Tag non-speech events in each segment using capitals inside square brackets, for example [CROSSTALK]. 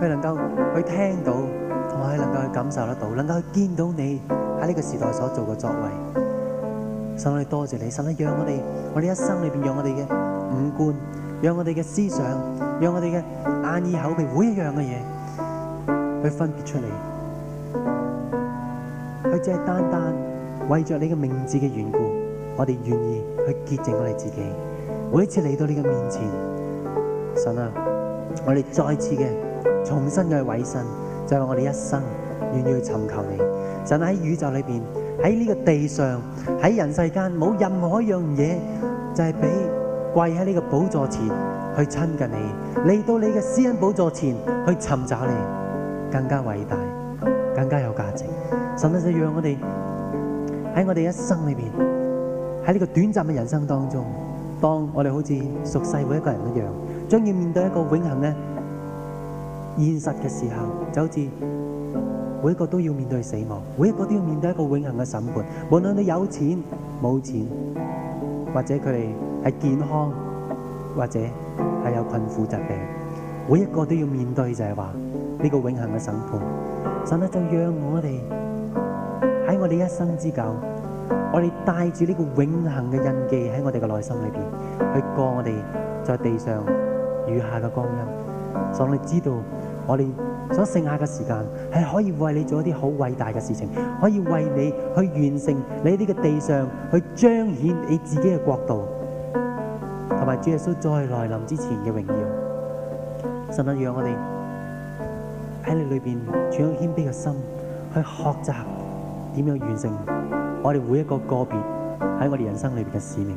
佢能夠去聽到，同埋佢能夠去感受得到，能夠去見到你喺呢個時代所做嘅作為。神啊，我哋多謝你！神啊，讓我哋，我哋一生裏邊，讓我哋嘅五官，讓我哋嘅思想，讓我哋嘅眼耳口鼻每一樣嘅嘢，去分別出嚟。佢只係單單為著你嘅名字嘅緣故，我哋願意去潔淨我哋自己，每一次嚟到你嘅面前，神啊，我哋再次嘅重新嘅委身，就係我哋一生願意去尋求你。神喺宇宙裏邊，喺呢個地上，喺人世間，冇任何一樣嘢就係比跪喺呢個寶座前去親近你，嚟到你嘅施恩寶座前去尋找你，更加偉大，更加有價值。神啊，就讓我哋喺我哋一生裏邊，喺呢個短暫嘅人生當中，當我哋好似屬世每一個人一樣，將要面對一個永恆咧。現實嘅時候就好似每一個都要面對死亡，每一個都要面對一個永恆嘅審判。無論你有錢冇錢，或者佢哋係健康，或者係有困苦疾病，每一個都要面對就係話呢個永恆嘅審判。神啊，就讓我哋喺我哋一生之久，我哋帶住呢個永恆嘅印記喺我哋嘅內心裏邊，去過我哋在地上餘下嘅光陰，所以我哋知道。我哋所剩下嘅時間係可以為你做一啲好偉大嘅事情，可以為你去完成你呢個地上去彰顯你自己嘅國度，同埋主耶穌再來臨之前嘅榮耀。神啊，讓我哋喺你裏邊存有謙卑嘅心，去學習點樣完成我哋每一個個別喺我哋人生裏邊嘅使命。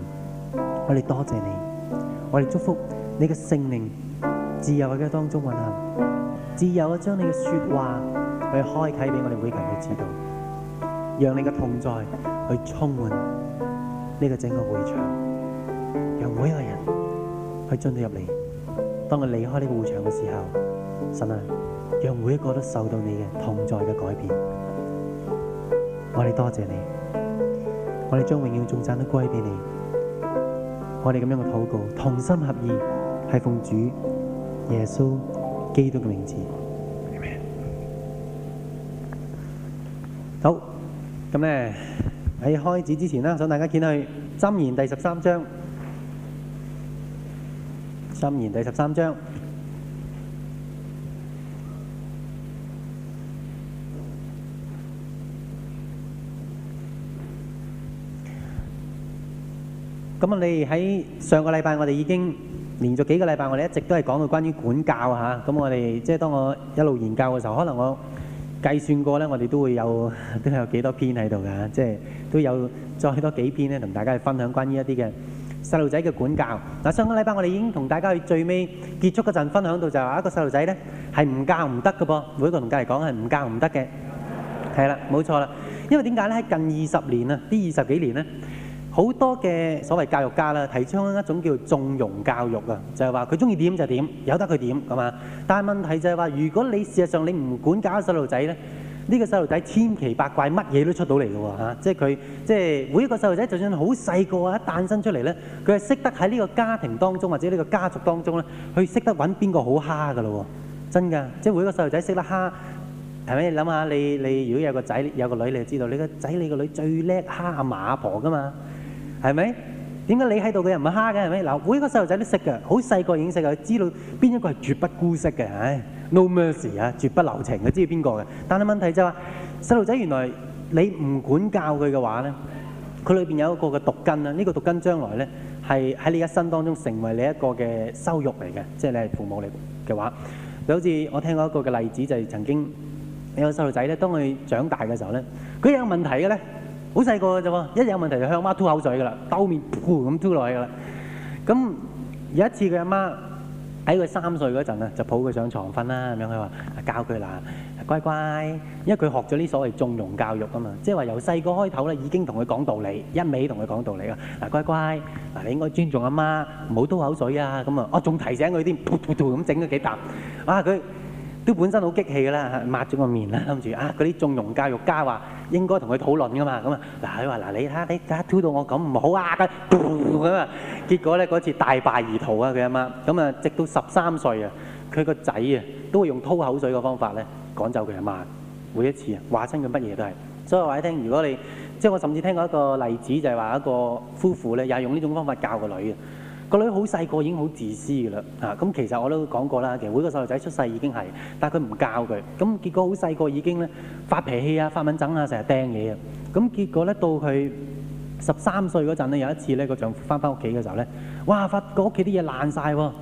我哋多謝你，我哋祝福你嘅聖靈自由嘅當中運行。自由啊！將你嘅說話去開啟俾我哋每個人都知道，讓你嘅同在去充滿呢個整個會場，讓每一個人去進入嚟。當你離開呢個會場嘅時候，神啊，讓每一個都受到你嘅同在嘅改變。我哋多謝你，我哋將榮耀頌讚都歸俾你。我哋咁樣嘅禱告，同心合意，係奉主耶穌基督嘅名字，好。咁咧喺開始之前啦，想大家見到《箴言》第十三章，《箴言》第十三章。咁啊，你喺上個禮拜我哋已經。連續幾個禮拜，我哋一直都係講到關於管教嚇。咁我哋即係當我一路研究嘅時候，可能我計算過咧，我哋都會有都有幾多篇喺度㗎。即係都有再多幾篇咧，同大家去分享關於一啲嘅細路仔嘅管教。嗱，上個禮拜我哋已經同大家去最尾結束嗰陣分享到，就話一個細路仔咧係唔教唔得嘅噃。每一個同家嚟講係唔教唔得嘅，係啦，冇錯啦。因為點解咧？近二十年啊，呢二十幾年咧。好多嘅所謂教育家啦，提倡一種叫縱容教育啊，就係話佢中意點就點，由得佢點咁啊。但係問題就係話，如果你事實上你唔管教啲細路仔咧，呢個細路仔千奇百怪，乜嘢都出到嚟嘅喎嚇。即係佢，即係每一個細路仔，就算好細個啊，一誕生出嚟咧，佢係識得喺呢個家庭當中或者呢個家族當中咧，去識得揾邊個好蝦㗎咯喎。真㗎，即係每一個細路仔識得蝦，係咪？你諗下你你如果有個仔有個女，你就知道你個仔你個女最叻蝦阿媽阿婆㗎嘛。係咪？點解你喺度佢又唔係蝦嘅係咪？嗱，每一個細路仔都識嘅，好細個已經識嘅，佢知道邊一個係絕不姑息嘅，唉，no mercy 啊，絕不留情嘅，知道邊個嘅？但係問題就係話，細路仔原來你唔管教佢嘅話咧，佢裏邊有一個嘅毒根啊。呢個毒根將來咧係喺你一生當中成為你一個嘅羞辱嚟嘅，即係你係父母嚟嘅話，就好似我聽過一個嘅例子，就係曾經有個細路仔咧，當佢長大嘅時候咧，佢有問題嘅咧。好細個嘅咋喎，一有問題就向媽吐口水噶啦，兜面噗噉吐落去噶啦。咁有一次佢阿媽喺佢三歲嗰陣啊，就抱佢上牀瞓啦咁樣，佢話教佢嗱乖乖，因為佢學咗呢所謂縱容教育啊嘛，即係話由細個開頭咧已經同佢講道理，一味同佢講道理啊，嗱乖乖，嗱你應該尊重阿媽，唔好吐口水啊，咁啊我仲提醒佢啲，噗噗噉整咗幾啖，啊佢。都本身好激氣噶啦，抹咗個面啦，諗住啊，嗰啲縱容教育家話應該同佢討論噶嘛，咁啊嗱，佢話嗱你睇、啊、你睇，下、啊，推到我咁唔好啊，咁、啊、咁啊，啊，結果咧嗰次大敗而逃啊，佢阿媽咁啊，直到十三歲啊，佢個仔啊，都會用吐口水個方法咧趕走佢阿媽，每一次啊，話親佢乜嘢都係。所以話你聽，如果你即係我甚至聽過一個例子，就係、是、話一個夫婦咧，也係用呢種方法教個女啊。個女好細個已經好自私嘅啦，嚇、啊、咁其實我都講過啦，其實每個細路仔出世已經係，但係佢唔教佢，咁結果好細個已經咧發脾氣啊、發癲癲啊，成日掟嘢啊，咁結果咧到佢十三歲嗰陣咧，有一次咧個丈夫翻返屋企嘅時候咧，哇發覺屋企啲嘢爛晒，抌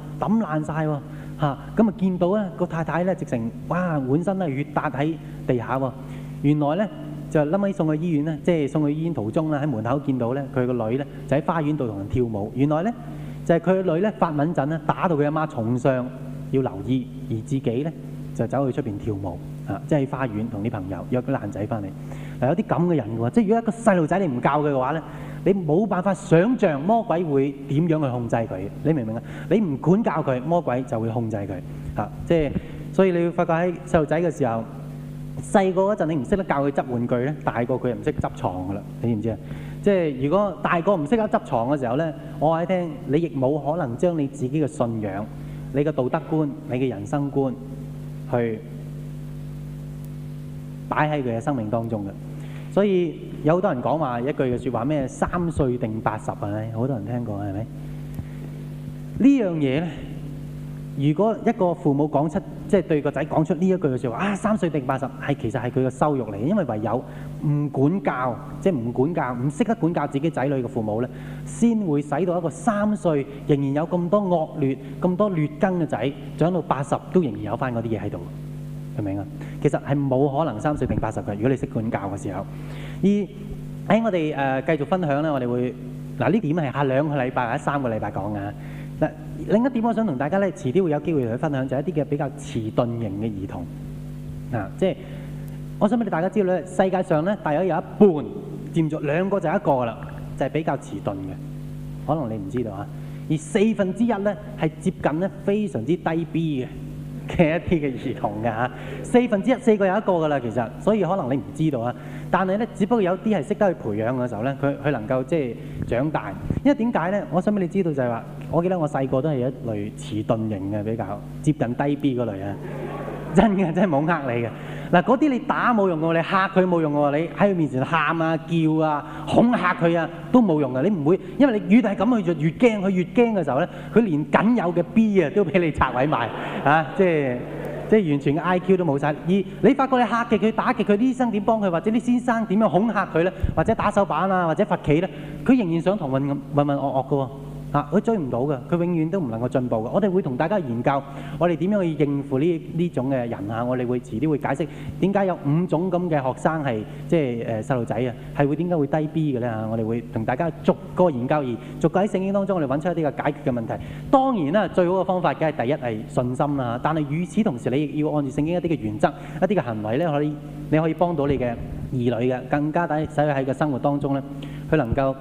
爛晒喎，咁啊見到咧個太太咧直情哇滿身咧血笪喺地下喎、啊，原來咧就諗起送去醫院咧，即、就、係、是、送去醫院途中啦，喺門口見到咧佢個女咧就喺花園度同人跳舞，原來咧。就係、是、佢女咧發敏陣咧，打到佢阿媽重傷，要留意；而自己咧就走去出邊跳舞，嚇、啊，即係喺花園同啲朋友約個爛仔翻嚟。嗱、啊，有啲咁嘅人嘅喎，即、就、係、是、如果一個細路仔你唔教佢嘅話咧，你冇辦法想像魔鬼會點樣去控制佢，你明唔明啊？你唔管教佢，魔鬼就會控制佢，嚇、啊，即、就、係、是、所以你要發覺喺細路仔嘅時候，細個嗰陣你唔識得教佢執玩具咧，大個佢又唔識執床噶啦，你知唔知啊？即係如果大個唔識得執牀嘅時候呢，我話你聽亦冇可能將你自己嘅信仰、你嘅道德觀、你嘅人生觀去擺喺佢嘅生命當中嘅。所以有好多人講話一句嘅説話咩？三歲定八十，係咪？好多人聽過，係咪？呢樣嘢呢。如果一個父母講出即係對個仔講出呢一句嘅說話，啊三歲定八十，係其實係佢嘅羞辱嚟，因為唯有唔管教，即係唔管教，唔識得管教自己仔女嘅父母咧，先會使到一個三歲仍然有咁多惡劣、咁多劣根嘅仔，長到八十都仍然有翻嗰啲嘢喺度，明唔明啊？其實係冇可能三歲定八十嘅。如果你識管教嘅時候，而喺我哋誒、呃、繼續分享咧，我哋會嗱呢、啊、點係下兩個禮拜或者三個禮拜講嘅。另一點我想同大家咧遲啲會有機會去分享，就係、一啲嘅比較遲鈍型嘅兒童，嗱、啊，即係我想俾大家知道咧，世界上咧大約有一半佔咗兩個就一個噶啦，就係、係、比較遲鈍嘅，可能你唔知道啊，而四分之一呢係接近咧非常之低 B 嘅。嘅一啲嘅兒童㗎，四分之一四個有一個㗎啦，其實所以可能你唔知道啊，但係咧，只不過有啲係識得去培養嘅時候咧，佢佢能夠即係長大。因為點解咧？我想俾你知道就係話，我記得我細個都係一類遲鈍型嘅，比較接近低 B 嗰類啊。真嘅，真係冇呃你嘅。嗱，嗰啲你打冇用嘅，你嚇佢冇用嘅，你喺佢面前喊啊叫啊恐嚇佢啊都冇用嘅。你唔會，因為你越係咁去就，越驚佢越驚嘅時候咧，佢連僅有嘅 B 啊都俾你拆毀埋啊！即係即係完全 IQ 都冇晒。二，你發覺你嚇極佢、打極佢，啲醫生點幫佢，或者啲先生點樣恐嚇佢咧，或者打手板啊，或者罰企咧，佢仍然上堂混咁混混噩噩嘅喎。啊！佢追唔到嘅，佢永遠都唔能夠進步嘅。我哋會同大家研究，我哋點樣去應付呢種嘅人啊？我哋會遲啲會解釋點解有五種咁嘅學生係即係誒細路仔啊，係會點解會低 B 嘅呢？我哋會同大家逐個研究而逐個喺聖經當中，我哋搵出一啲解決嘅問題。當然啦，最好嘅方法嘅係第一係信心啦。但係與此同時，你亦要按照聖經一啲嘅原則、一啲嘅行為咧，可以你可以幫到你嘅兒女更加底，使喺生活當中呢，佢能夠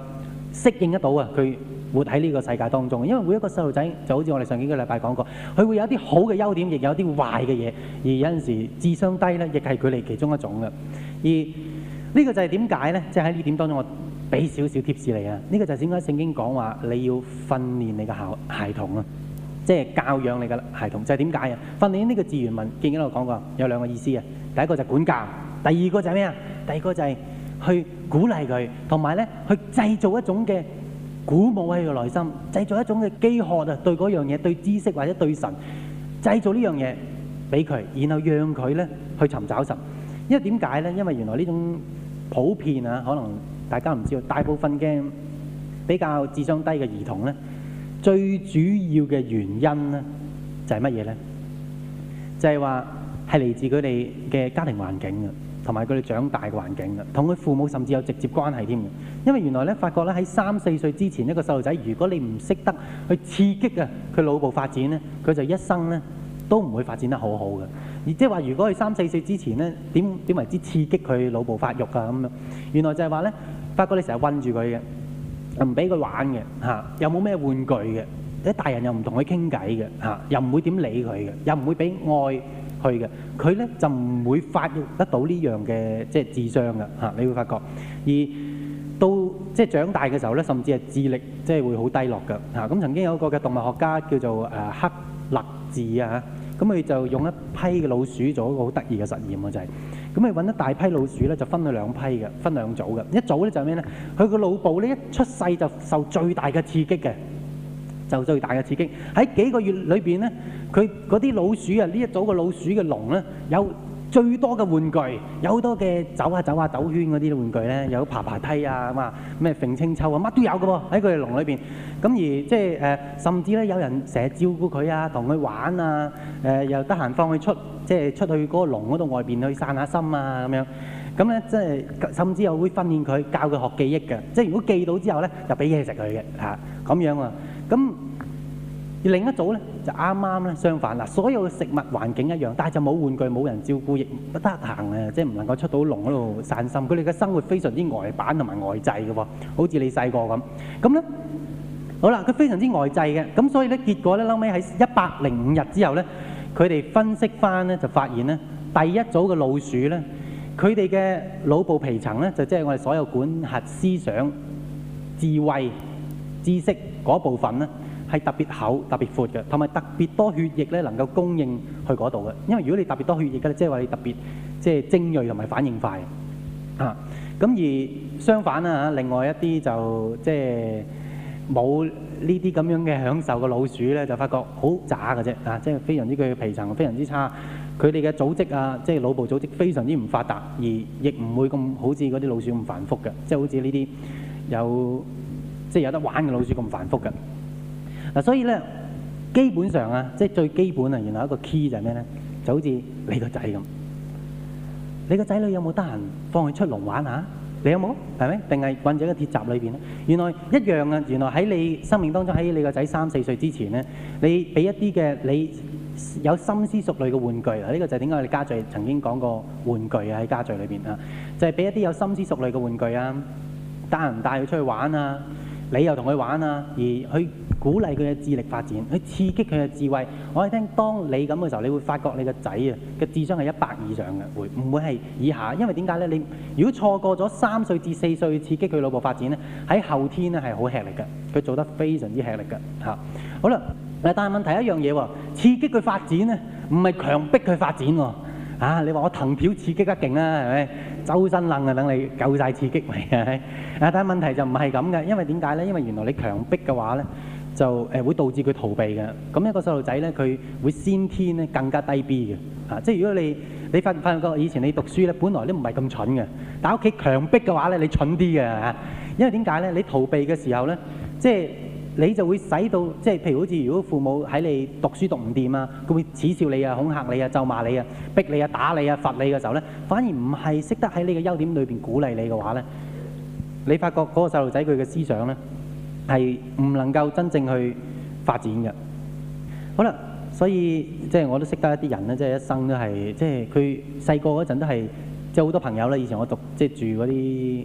適應得到啊！佢。活喺呢個世界當中，因為每一個細路仔就好似我哋上幾個禮拜講過，佢會有啲好嘅優點，亦有啲壞嘅嘢，而有陣時智商低咧，亦係佢哋其中一種嘅。而呢個就係點解咧？即喺呢點當中我點點，我俾少少貼士你啊。呢個就係點解聖經講話你要訓練你嘅孩孩童啊，即係教養你嘅孩童，就係點解啊？訓練呢個字原文見喺我講過，有兩個意思嘅。第一個就係管教，第二個就係咩啊？第二個就係去鼓勵佢，同埋咧去製造一種嘅。鼓舞佢嘅內心，製造一種嘅飢渴啊，對嗰樣嘢，對知識或者對神，製造呢樣嘢俾佢，然後讓佢咧去尋找神。因為點解咧？因為原來呢種普遍啊，可能大家唔知道，大部分嘅比較智商低嘅兒童咧，最主要嘅原因咧就係乜嘢咧？就係話係嚟自佢哋嘅家庭環境。同埋佢哋長大嘅環境啦，同佢父母甚至有直接關係添嘅。因為原來咧，發覺咧喺三四歲之前，一個細路仔，如果你唔識得去刺激啊佢腦部發展咧，佢就一生咧都唔會發展得好好嘅。而即係話，如果佢三四歲之前咧，點點為之刺激佢腦部發育啊？咁啊，原來就係話咧，發覺你成日韞住佢嘅，唔俾佢玩嘅，嚇，又冇咩玩具嘅，啲大人又唔同佢傾偈嘅，嚇，又唔會點理佢嘅，又唔會俾愛。去嘅，佢咧就唔會發育得到呢樣嘅，即係智商嘅，嚇，你會發覺。而到即係長大嘅時候咧，甚至係智力即係會好低落嘅嚇。咁曾經有個嘅動物學家叫做誒克勒治啊嚇，咁佢就用一批嘅老鼠做一個好得意嘅實驗啊就係，咁佢揾一大批老鼠咧，就分咗兩批嘅，分兩組嘅。一組咧就係咩咧？佢個腦部咧一出世就受最大嘅刺激嘅。就最大嘅刺激喺幾個月裏邊咧，佢嗰啲老鼠啊，呢一組嘅老鼠嘅籠咧，有最多嘅玩具，有好多嘅走下、啊、走下、啊、走圈嗰啲玩具咧，有爬爬梯啊咁啊，咩揈清秋啊，乜都有㗎喎喺佢哋籠裏邊咁而即係誒、呃，甚至咧有人成日照顧佢、呃、啊，同佢玩啊，誒又得閒放佢出即係出去嗰個籠嗰度外邊去散下心啊咁樣咁咧，即係甚至又會訓練佢教佢學記憶嘅，即係如果記到之後咧，就俾嘢食佢嘅嚇咁樣啊。咁而另一組咧就啱啱咧相反啦，所有嘅食物環境一樣，但係就冇玩具、冇人照顧，亦唔得閒啊！即係唔能夠出到籠嗰度散心。佢哋嘅生活非常之呆板同埋呆滯嘅喎，好似你細個咁。咁咧好啦，佢非常之呆滯嘅，咁所以咧結果咧，後尾喺一百零五日之後咧，佢哋分析翻咧就發現咧，第一組嘅老鼠咧，佢哋嘅腦部皮層咧就即係我哋所有管轄思想智慧。知識嗰部分呢係特別厚、特別闊嘅，同埋特別多血液呢能夠供應去嗰度嘅。因為如果你特別多血液嘅，即係話你特別即係精銳同埋反應快啊。咁而相反啦、啊、另外一啲就即係冇呢啲咁樣嘅享受嘅老鼠呢，就發覺好渣嘅啫啊！即係非常之佢嘅皮層非常之差，佢哋嘅組織啊，即係腦部組織非常之唔發達，而亦唔會咁好似嗰啲老鼠咁繁複嘅，即係好似呢啲有。即係有得玩嘅老鼠咁繁複嘅嗱，啊，所以咧基本上啊，即係最基本啊，原來一個 key 就係咩咧？就好似你個仔咁，你個仔女有冇得閒放佢出籠玩下？你有冇？係咪？定係困住喺鐵閘裏邊咧？原來一樣啊！原來喺你生命當中，喺你個仔三四歲之前咧，你俾一啲嘅你有心思熟慮嘅玩具啊！呢、這個就係點解我哋家聚曾經講過玩具啊？喺家聚裏邊啊，就係、是、俾一啲有心思熟慮嘅玩具啊，得閒帶佢出去玩啊！你又同佢玩啊，而去鼓勵佢嘅智力發展，去刺激佢嘅智慧。我係聽，當你咁嘅時候，你會發覺你個仔啊嘅智商係一百以上嘅，會唔會係以下？因為點解呢？你如果錯過咗三歲至四歲刺激佢腦部發展呢，喺後天呢係好吃力嘅，佢做得非常之吃力嘅嚇。好啦，但係問題係一樣嘢喎，刺激佢發展呢唔係強迫佢發展喎。啊，你話我藤條刺激得勁啊，係咪？周身愣啊，等你夠晒刺激咪啊，但係問題就唔係咁嘅，因為點解呢？因為原來你強迫嘅話呢，就誒會導致佢逃避嘅。咁一個細路仔呢，佢會先天咧更加低 B 嘅。啊，即係如果你你發唔發覺以前你讀書呢，本來都唔係咁蠢嘅，但係屋企強迫嘅話呢，你蠢啲嘅、啊、因為點解呢？你逃避嘅時候呢，即係。你就會使到，即係譬如好似如果父母喺你讀書讀唔掂啊，佢會恥笑你啊、恐嚇你啊、咒罵你啊、逼你啊、打你啊、罰你嘅時候咧，反而唔係識得喺你嘅優點裏邊鼓勵你嘅話咧，你發覺嗰個細路仔佢嘅思想咧係唔能夠真正去發展嘅。好啦，所以即係我都識得一啲人咧，即係一生都係即係佢細個嗰陣都係即係好多朋友啦。以前我讀即係、就是、住嗰啲。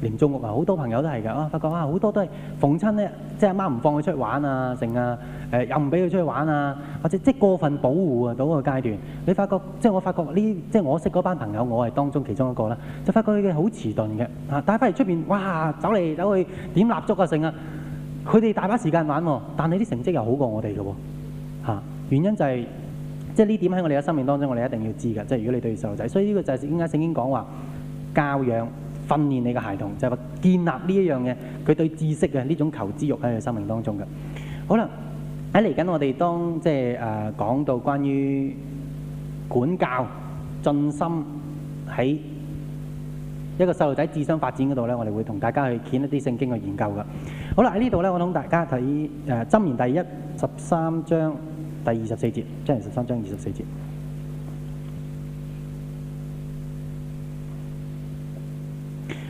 廉租屋啊，好多朋友都係㗎啊，我發覺啊，好多都係逢親咧，即係阿媽唔放佢出去玩啊，剩啊，誒又唔俾佢出去玩啊，或者即係過分保護啊，到個階段，你發覺即係我發覺呢，即係我識嗰班朋友，我係當中其中一個啦，就發覺佢哋好遲鈍嘅，但帶翻嚟出邊，哇，走嚟走去點蠟燭啊，剩啊，佢哋大把時間玩喎，但係啲成績又好過我哋嘅喎，原因就係，即係呢點喺我哋嘅生命當中，我哋一定要知嘅，即係如果你對住細路仔，所以呢個就係點解聖經講話教養。訓練你嘅孩童就係，是，話建立呢一樣嘅佢對知識嘅呢種求知欲喺佢生命當中嘅。好啦，喺嚟緊我哋當即係誒、呃、講到關於管教，進心喺一個細路仔智商發展嗰度咧，我哋會同大家去揀一啲聖經嘅研究嘅。好啦，喺呢度咧，我諗大家睇誒《箴、呃、言第》第一十三章第二十四節，《箴言》十三章二十四節。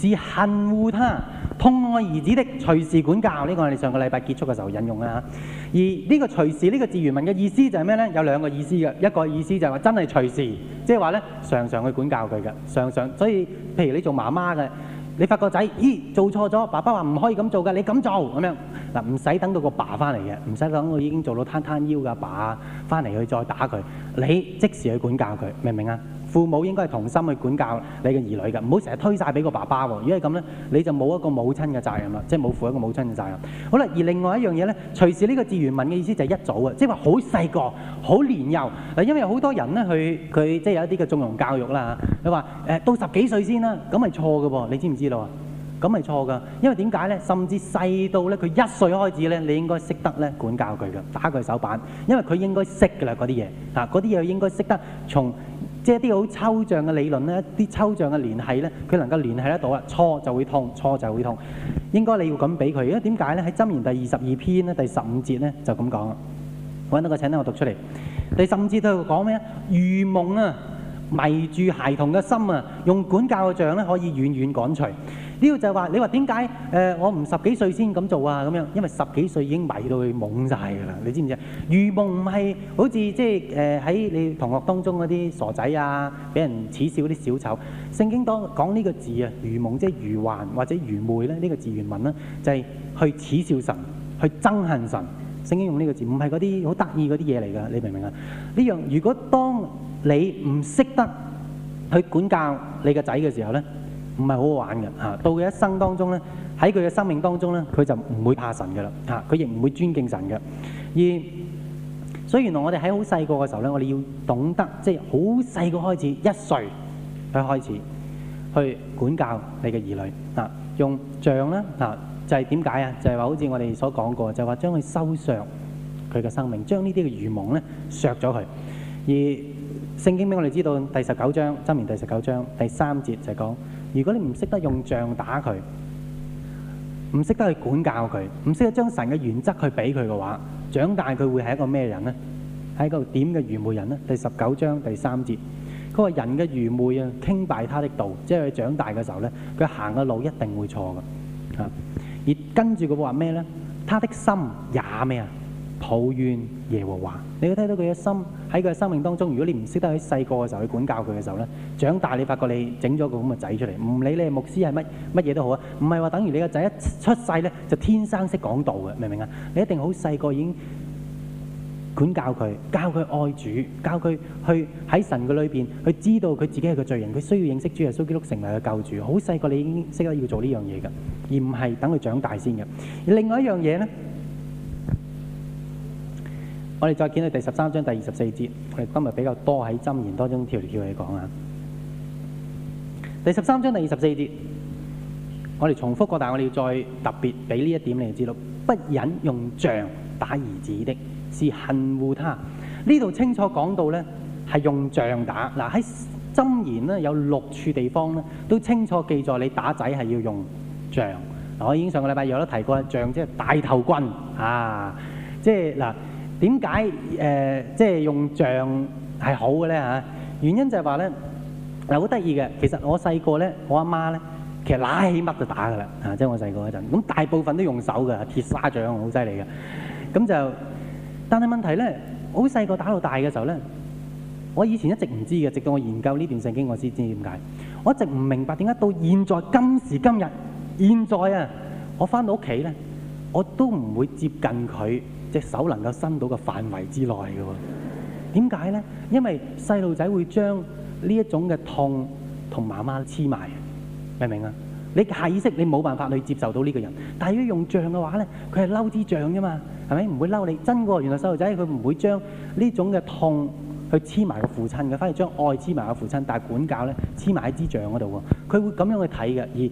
是恨惡他，痛愛兒子的隨時管教，呢個係你上個禮拜結束嘅時候引用嘅。而呢個隨時呢個字原文嘅意思就係咩呢？有兩個意思嘅，一個意思就係話真係隨時，即係話呢，常常去管教佢嘅，常常。所以譬如你做媽媽嘅，你發覺個仔，咦做錯咗，爸爸話唔可以咁做㗎，你咁做咁樣嗱，唔使等到個爸翻嚟嘅，唔使等我已經做到攤攤腰㗎爸翻嚟去再打佢，你即時去管教佢，明唔明啊？父母應該係同心去管教你嘅兒女㗎，唔好成日推晒俾個爸爸喎。如果係咁咧，你就冇一個母親嘅責任啦，即係冇負一個母親嘅責任。好啦，而另外一樣嘢咧，隨時呢個字原文嘅意思就係一早啊，即係話好細個、好年幼。因為好多人咧，佢佢即係有一啲嘅縱容教育啦嚇。你話誒到十幾歲先啦，咁係錯嘅噃，你知唔知道啊？咁係錯㗎，因為點解咧？甚至細到咧，佢一歲開始咧，你應該識得咧管教佢嘅，打佢手板，因為佢應該識㗎啦嗰啲嘢啊，嗰啲嘢應該識得從。即係啲好抽象嘅理論咧，啲抽象嘅聯繫咧，佢能夠聯繫得到啊！錯就會痛，錯就會痛。應該你要咁俾佢，因為點解呢？喺《真言第第》第二十二篇呢第十五節呢就咁講啦。揾到個詞咧，我讀出嚟。第十甚至都講咩啊？如夢啊，迷住孩童嘅心啊，用管教嘅像，咧，可以遠遠趕除。呢個就係話，你話點解？誒，我唔十幾歲先咁做啊，咁樣，因為十幾歲已經迷到佢懵晒㗎啦，你知唔知啊？愚蒙唔係好似即係誒喺你同學當中嗰啲傻仔啊，俾人恥笑啲小丑。聖經當講呢個字啊，愚蒙即係愚幻或者愚昧咧，呢個字原文咧就係去恥笑神，去憎恨神。聖經用呢個字唔係嗰啲好得意嗰啲嘢嚟㗎，你明唔明啊？呢樣如果當你唔識得去管教你個仔嘅時候咧？唔係好好玩嘅嚇。到佢一生當中咧，喺佢嘅生命當中咧，佢就唔會怕神嘅啦嚇。佢亦唔會尊敬神嘅。而所以原來我哋喺好細個嘅時候咧，我哋要懂得即係好細個開始，一歲佢開始去管教你嘅兒女啊，用杖啦啊，就係點解啊？就係話好似我哋所講過，就話將佢收削佢嘅生命，將呢啲嘅愚妄咧削咗佢。而聖經俾我哋知道第十九章，箴言第十九章第三節就係講。如果你唔識得用杖打佢，唔識得去管教佢，唔識得將神嘅原則去俾佢嘅話，長大佢會係一個咩人咧？係一個點嘅愚昧人咧？第十九章第三節，佢話人嘅愚昧啊，傾敗他的道，即係他長大嘅時候咧，佢行嘅路一定會錯的吓、啊，而跟住佢話咩咧？他的心也咩抱怨耶和華，你會睇到佢嘅心喺佢嘅生命當中。如果你唔識得喺細個嘅時候去管教佢嘅時候咧，長大你發覺你整咗個咁嘅仔出嚟，唔理你係牧師係乜乜嘢都好啊，唔係話等於你個仔一出世咧就天生識講道嘅，明唔明啊？你一定好細個已經管教佢，教佢愛主，教佢去喺神嘅裏邊去知道佢自己係個罪人，佢需要認識主耶穌基督成為佢救主。好細個你已經識得要做呢樣嘢嘅，而唔係等佢長大先嘅。而另外一樣嘢咧。我哋再見到第十三章第二十四節，我哋今日比較多喺箴言當中跳嚟跳去講啊。第十三章第二十四節，我哋重複過，但係我哋要再特別俾呢一點你哋知道，不忍用杖打兒子的，是恨惡他。呢度清楚講到咧係用杖打嗱喺箴言咧有六處地方咧都清楚記載你打仔係要用杖嗱。我已經上個禮拜有都提過，杖即係大頭棍啊，即嗱。啊點解誒即係用杖係好嘅咧嚇？原因就係話咧，嗱好得意嘅。其實我細個咧，我阿媽咧，其實拉起掹就打噶啦嚇，即係我細個嗰陣。咁大部分都用手嘅，鐵砂掌好犀利嘅。咁就，但係問題咧，好細個打到大嘅時候咧，我以前一直唔知嘅，直到我研究呢段聖經，我先知點解。我一直唔明白點解到現在今時今日，現在啊，我翻到屋企咧，我都唔會接近佢。隻手能夠伸到嘅範圍之內嘅喎，點解咧？因為細路仔會將呢一種嘅痛同媽媽黐埋，明唔明啊？你下意識你冇辦法去接受到呢個人，但係如果用杖嘅話咧，佢係嬲支杖啫嘛，係咪？唔會嬲你真喎、哦。原來細路仔佢唔會將呢種嘅痛去黐埋個父親嘅，反而將愛黐埋個父親，但係管教咧黐埋喺支杖嗰度喎。佢會咁樣去睇嘅，而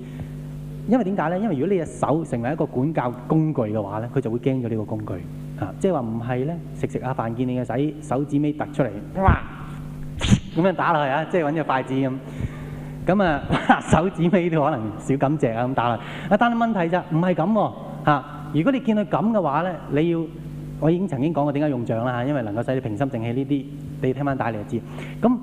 因為點解咧？因為如果你隻手成為一個管教工具嘅話咧，佢就會驚咗呢個工具。啊！即係話唔係咧，食食下飯見你嘅仔手指尾突出嚟，咁樣打落去啊！即係揾隻筷子咁，咁啊手指尾都可能少感情啊咁打落去啊！但係問題就唔係咁喎嚇！如果你見佢咁嘅話咧，你要我已經曾經講過點解用掌啦嚇，因為能夠使你平心靜氣呢啲，你聽返打你就知。咁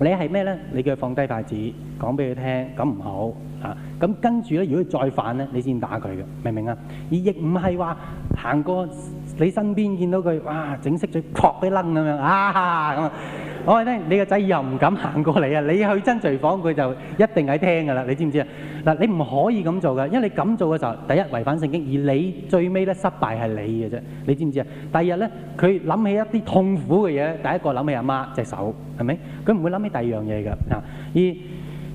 你係咩咧？你叫佢放低筷子，講俾佢聽，咁唔好嚇。咁跟住咧，如果佢再犯咧，你先打佢嘅，明唔明啊？而亦唔係話行過。你身邊見到佢，哇！整色嘴撲起楞咁樣，啊咁啊！我話咧，你個仔又唔敢行過嚟啊！你去爭罪房，佢就一定喺聽噶啦，你知唔知啊？嗱，你唔可以咁做噶，因為你咁做嘅時候，第一違反聖經，而你最尾咧失敗係你嘅啫，你知唔知啊？第二日咧，佢諗起一啲痛苦嘅嘢，第一個諗起阿媽隻手，係咪？佢唔會諗起第二樣嘢噶。嗱，而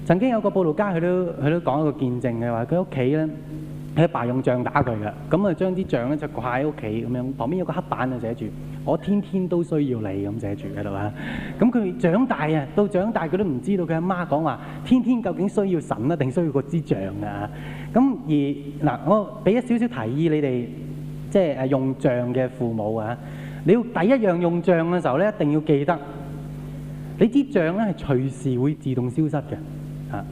曾經有個布道家，佢都佢都講一個見證嘅話，佢屋企咧。爸爸用杖打佢㗎，咁啊將支杖咧就掛喺屋企咁樣，旁邊有個黑板啊，寫住我天天都需要你咁寫住喺度啊。咁佢長大啊，到長大佢都唔知道佢阿媽講話天天究竟需要神啊，定需要個支杖啊。咁而嗱，我俾一少少提議你哋，即係誒用杖嘅父母啊，你要第一樣用杖嘅時候咧，一定要記得，你支杖咧係隨時會自動消失嘅。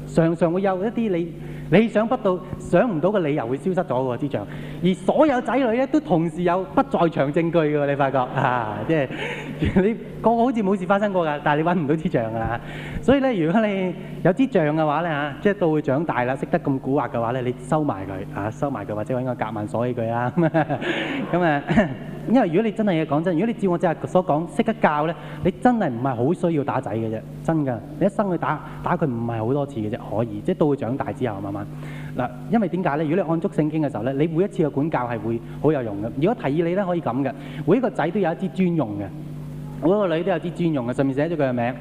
常常會有一啲你你想不到，想唔到嘅理由會消失咗喎，支杖。而所有仔女咧都同時有不在場證據嘅喎，你發覺啊，即係你個個好似冇事發生過㗎，但係你揾唔到支杖㗎。所以咧，如果你有支杖嘅話咧嚇，即係到佢長大啦，識得咁蠱惑嘅話咧，你收埋佢啊，收埋佢或者揾個夾萬鎖起佢啦。咁 [LAUGHS] 啊這樣。 [LAUGHS] 因為如果你真係嘅講真，如果你照我即係所講識得教咧，你真係唔係好需要打仔嘅啫，真㗎。你一生去打打佢唔係好多次嘅啫，可以即係到佢長大之後慢慢嗱。因為點解咧？如果你按足聖經嘅時候咧，你每一次嘅管教係會好有用嘅。如果提議你咧，可以咁嘅，每一個仔都有一支專用嘅，每一個女都有一支專用嘅，上面寫咗佢嘅名。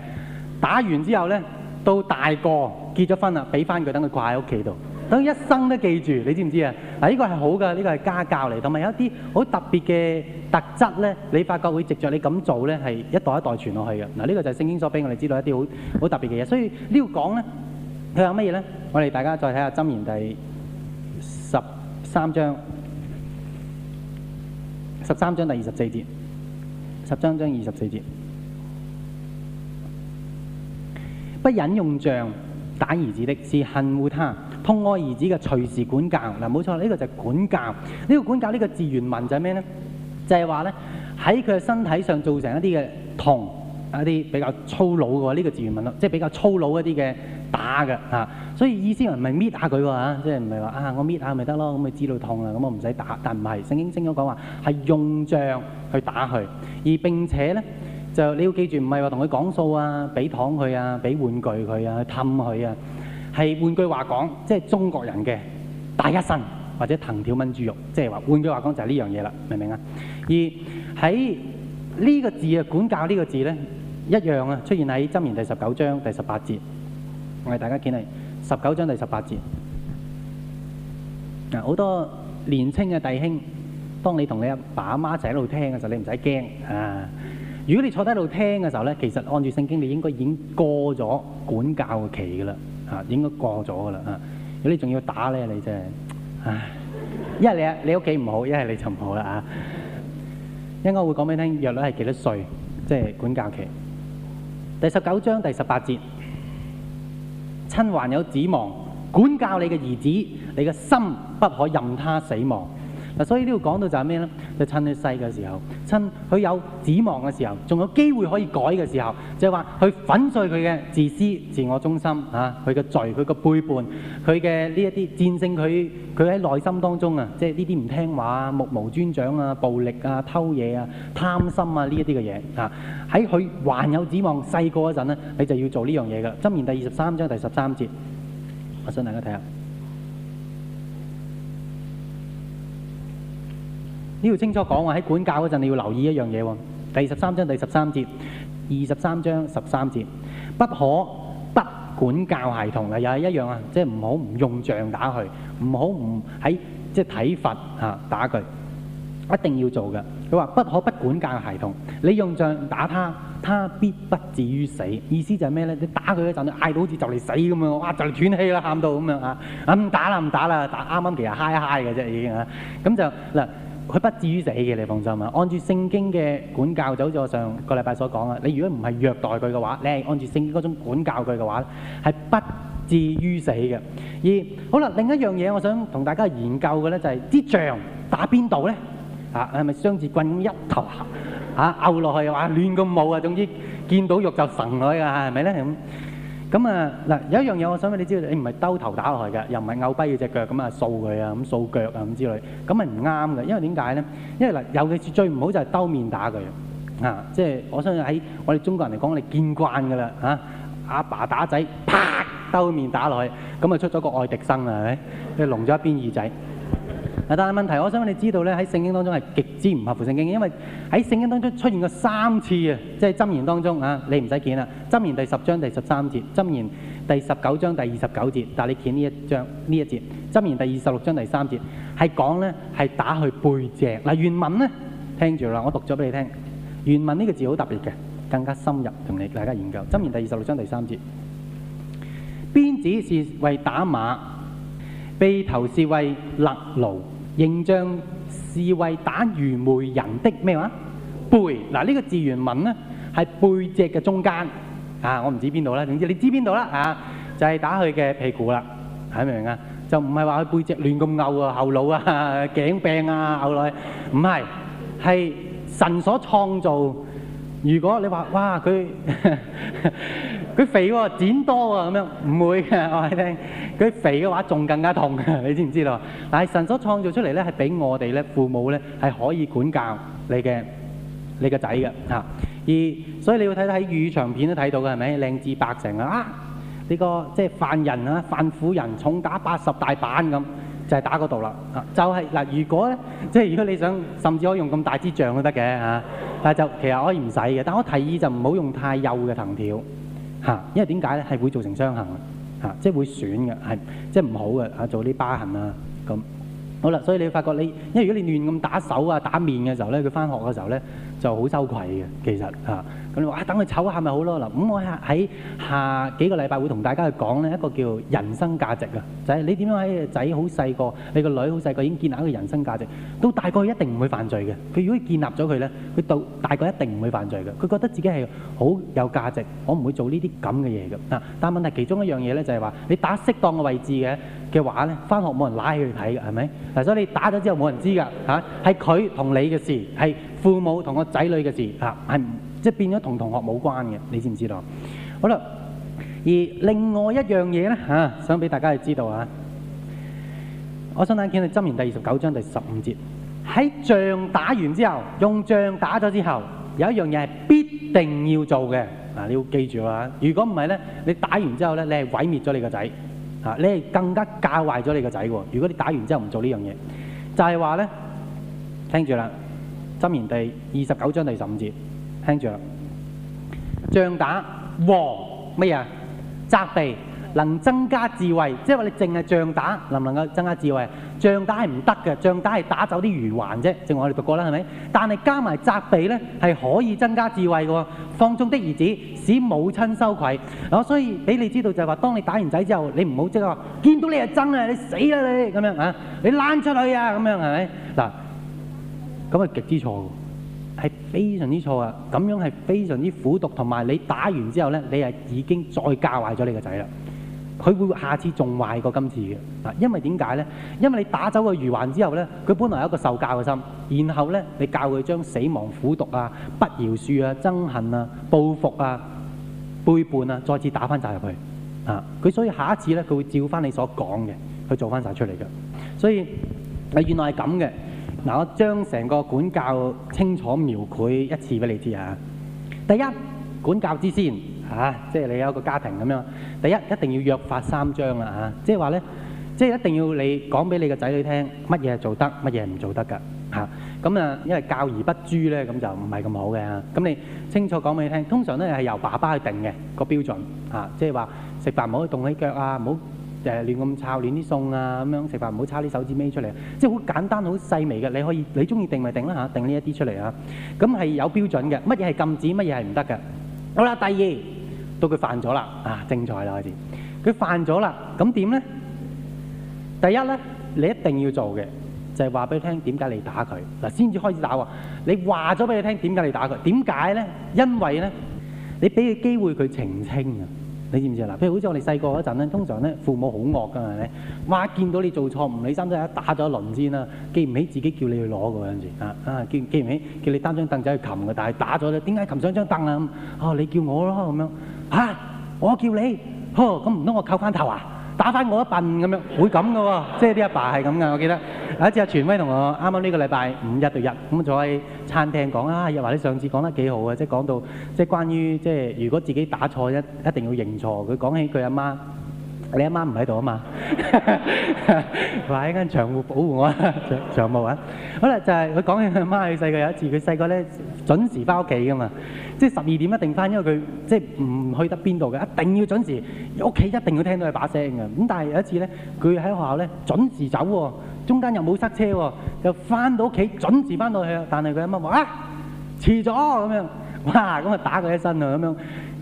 打完之後咧，到大個結咗婚啦，俾翻佢等佢掛喺屋企度。等一生都記住，你知唔知啊？嗱，呢個係好㗎，呢個係家教嚟，同埋有一啲好特別嘅特質呢，你發覺會藉着你咁做呢，係一代一代傳落去嘅。嗱，呢、呢個就係聖經所俾我哋知道一啲好特別嘅嘢。所以、呢個、講呢個講咧，佢係乜嘢呢？我哋大家再睇下《箴言》第十三章，十三章第二十四節，十章章二十四節，不忍用杖打兒子的是恨惡他。疼愛兒子嘅隨時管教。嗱，冇錯，呢個就係管教。呢個管教呢個字原文就係咩咧？就係話咧，喺佢嘅身體上造成一啲嘅痛，一啲比較粗魯嘅喎。呢個字原文咯，即係比較粗魯一啲嘅打嘅嚇。所以意思係唔係搣下佢喎嚇？即係唔係話啊我搣下咪得咯？咁咪知道痛啦，咁我唔使打。但唔係，聖經清楚講話係用杖去打佢，而並且咧，就你要記住，唔係話同佢講數啊，俾糖佢啊，俾玩具佢啊，去氹佢啊。係換句話講，即係中國人嘅打一身，或者藤條炆豬肉，即係話換句話講就係呢樣嘢啦，明唔明啊？而喺呢個字啊，管教呢個字呢，一樣啊出現喺《箴言》第十九章第十八節，我哋大家見係十九章第十八節。嗱，好多年輕嘅弟兄，當你同你阿爸阿媽一齊喺度聽嘅時候，你唔使驚啊！如果你坐低喺度聽嘅時候呢，其實按住聖經，你應該已經過咗管教嘅期噶啦。應該過咗嘅啦，如果你仲要打咧，你真係，唉，一係你你屋企唔好，一係你就唔好啦啊！應該我會講俾你聽，約女係幾多歲，即係管教期。第十九章第十八節，親還有指望，管教你嘅兒子，你嘅心不可任他死亡。所以呢度講到就係咩咧？就趁你細嘅時候，趁佢有指望嘅時候，仲有機會可以改嘅時候，就係話去粉碎佢嘅自私、自我中心啊，佢嘅罪、佢嘅背叛、佢嘅呢一啲戰勝佢，佢喺內心當中啊，即係呢啲唔聽話啊、目無尊長啊、暴力啊、偷嘢啊、貪心啊呢一啲嘅嘢啊，喺佢還有指望細個嗰陣咧，你就要做呢樣嘢㗎。箴言第二十三章第十三節，我想大家睇下。呢度清楚講話喺管教嗰陣，你要留意一樣嘢喎。第十三章第十三節，二十三章十三節，不可不管教孩童啊，又係一樣啊，即係唔好唔用杖打佢，唔好唔喺即係體罰嚇打佢，一定要做嘅。佢話不可不管教孩童，你用杖打他，他必不至於死。意思就係咩呢？你打佢嗰陣，嗌到好似就嚟死咁樣，哇就嚟斷氣啦，喊到咁樣啊，唔打啦，唔打啦，打啱啱其實嗨嗨嘅啫，已經啊，咁就嗱。佢不至於死嘅，你放心啊！按住聖經嘅管教，就好似我上個禮拜所講啊。你如果唔係虐待佢嘅話，你係按住聖經嗰種管教佢嘅話，係不至於死嘅。而好啦，另一樣嘢我想同大家研究嘅咧，就係支杖打邊度咧？嚇係咪雙截棍咁一頭嚇拗落去，哇亂咁舞啊！總之見到肉就神佢噶，係咪咧？咁。咁啊，嗱有一樣嘢我想俾你知道，你唔係兜頭打落去嘅，又唔係拗跛佢隻腳咁啊，樣掃佢啊，咁掃腳啊咁之類，咁係唔啱嘅，因為點解咧？因為嗱，尤其是最唔好就係兜面打佢啊，即係我相信喺我哋中國人嚟講，我哋見慣㗎啦嚇，阿爸打仔，啪兜面打落去，咁啊出咗個愛迪生啊，係咪？你聾咗一邊耳仔。但係問題，我想問你知道咧，喺聖經當中係極之唔合乎聖經，因為喺聖經當中出現過三次啊，即係箴言當中啊，你唔使見啦。箴言第十章第十三節，箴言第十九章第二十九節，但係你見呢一章呢一節，箴言第二十六章第三節係講咧，係打去背脊。嗱、啊、原文咧，聽住啦，我讀咗俾你聽。原文呢個字好特別嘅，更加深入同你大家研究。箴言第二十六章第三節，鞭子是為打馬，轡頭是為勒驢，刑杖是為打愚昧人的咩話？背。嗱，呢個字原文咧，係背脊嘅中間啊！我唔知邊度啦，總之你知邊度啦啊？就係打佢嘅屁股啦，係明唔明啊？就唔係話佢背脊亂咁拗啊，後腦啊，頸病啊，後來唔係，係神所創造。如果你話，哇，佢佢肥喎，剪多喎，咁樣唔會嘅。我話你聽，佢肥嘅話仲更加痛嘅，你知唔知道？但嗱，神所創造出嚟咧，係俾我哋咧，父母咧，係可以管教你嘅，你個仔嘅，嚇。而所以你要睇，睇預場片都睇到嘅，係咪靚字百成啊？呢個即係犯人啊，犯婦人重打八十大板咁。就係、是、打嗰度啦，就係、是、嗱，如果咧，即係如果你想，甚至可以用咁大支杖都得嘅嚇，但係就其實可以唔使嘅，但我提議就唔好用太幼嘅藤條嚇、啊，因為點解咧係會造成傷痕嚇、啊，即係會損嘅，係即係唔好嘅嚇、啊，做啲疤痕啊咁。好啦，所以你發覺你，因為如果你亂咁打手啊、打面嘅時候咧，佢返學嘅時候咧就好羞愧嘅，其實嚇。啊。咁啊！等佢醜下咪好咯。嗱、嗯，咁我喺下幾個禮拜會同大家去講呢一個叫人生價值嘅，就係、是、你點樣喺個仔好細個，你個女好細個已經建立一個人生價值，到大個一定唔會犯罪嘅。佢如果建立咗佢咧，佢到大個一定唔會犯罪嘅。佢覺得自己係好有價值，我唔會做呢啲咁嘅嘢㗎嗱。但問題是其中一樣嘢咧，就係話你打適當嘅位置嘅嘅話咧，返學冇人拉佢睇嘅係咪嗱？所以你打咗之後冇人知㗎嚇，係佢同你嘅事，係父母同個仔女嘅事啊，係。即係變咗同同學冇關嘅，你知唔知道？好啦，而另外一樣嘢咧吓，想俾大家去知道啊！我想睇見箴言第二十九章第十五節，喺杖打完之後，用杖打咗之後，有一樣嘢係必定要做嘅啊！你要記住啊！如果唔係咧，你打完之後咧，你係毀滅咗你個仔啊！你係更加教壞咗你個仔嘅。如果你打完之後唔做呢樣嘢，就係話咧，聽住啦，《箴言》第二十九章第十五節。聽著，杖打和乜嘢？責備能增加智慧，即係話你淨係杖打，能唔能夠增加智慧？杖打係唔得嘅，杖打係打走啲愚頑啫。正如我哋讀過啦，係咪？但係加埋責備咧，係可以增加智慧嘅喎。放縱的兒子使母親羞愧。我所以俾你知道就係話，當你打完仔之後，你唔好即刻話見到你就憎啊，你死啦，你咁樣啊，你攬出去啊咁樣係咪？嗱，咁係極之錯。係非常之錯啊！咁樣係非常之苦毒，同埋你打完之後呢，你係已經再教壞咗你個仔啦。佢會下次仲壞過今次嘅啊！因為點解呢？因為你打走個愚頑之後呢，佢本來有一個受教嘅心，然後呢，你教佢將死亡苦毒啊、不饒恕啊、憎恨啊、報復啊、背叛啊，再次打翻晒入去啊！佢所以下一次呢，佢會照翻你所講嘅去做翻晒出嚟嘅。所以原來係咁嘅。嗱，我將成個管教清楚描繪一次俾你知啊！第一，管教之先嚇、啊，即係你有一個家庭咁樣。第一，一定要約法三章啦嚇、啊，即係話咧，即係一定要你講俾你個仔女聽，乜嘢係做得，乜嘢係唔做得㗎嚇。咁啊，因為教而不誅咧，咁就唔係咁好嘅。咁你清楚講俾佢聽。通常咧係由爸爸去定嘅個標準嚇、啊，即係話食飯唔好動起腳啊，唔好。誒，亂咁摷亂啲餸啊，咁樣食飯唔好摷啲手指尾出嚟啊！即係好簡單，好細微嘅，你可以你中意定咪定啦嚇，定呢一啲出嚟啊。咁係有標準嘅，乜嘢係禁止，乜嘢係唔得嘅。好啦，第二到佢犯咗啦，啊精彩啦，開始！佢犯咗啦，咁點咧？第一咧，你一定要做嘅就係話俾佢聽點解你打佢嗱，先至開始打喎。你話咗俾佢聽點解你打佢？點解咧？因為咧，你俾佢機會佢澄清啊！你知唔知啊？嗱，譬如好似我哋細個嗰陣咧，通常咧父母好惡㗎，係咪？哇，見到你做錯唔理三七，打咗一輪先啦。記唔起自己叫你去攞嘅嗰陣時，啊啊，記記唔起叫你擔張凳仔去擒嘅，但係打咗咧，點解擒上一張凳啊？哦，你叫我咯，咁樣，嚇、啊，我叫你，呵，咁唔通我扣翻頭啊？打返我一笨咁樣，會咁㗎喎，即係呢啲阿爸係咁㗎。我記得有一次阿全威同我啱啱呢個禮拜五日對日咁喺餐廳講啊，又話你上次講得幾好嘅，即係講到即係關於即係如果自己打錯一一定要認錯。佢講起佢阿媽。你阿媽唔喺度啊嘛，哇！ [LAUGHS] 依間長護保護我啊，長長務啊。好啦，就係佢講起佢阿媽，佢細個有一次，佢細個咧準時翻屋企噶嘛，即係十二點一定翻，因為佢即係唔去得邊度嘅，一定要準時。屋企一定要聽到佢把聲嘅。咁但係有一次咧，佢喺學校咧準時走喎，中間又冇塞車喎，就翻到屋企準時翻到去，但係佢阿媽話啊遲咗咁樣，哇！咁啊打佢一身啊咁樣。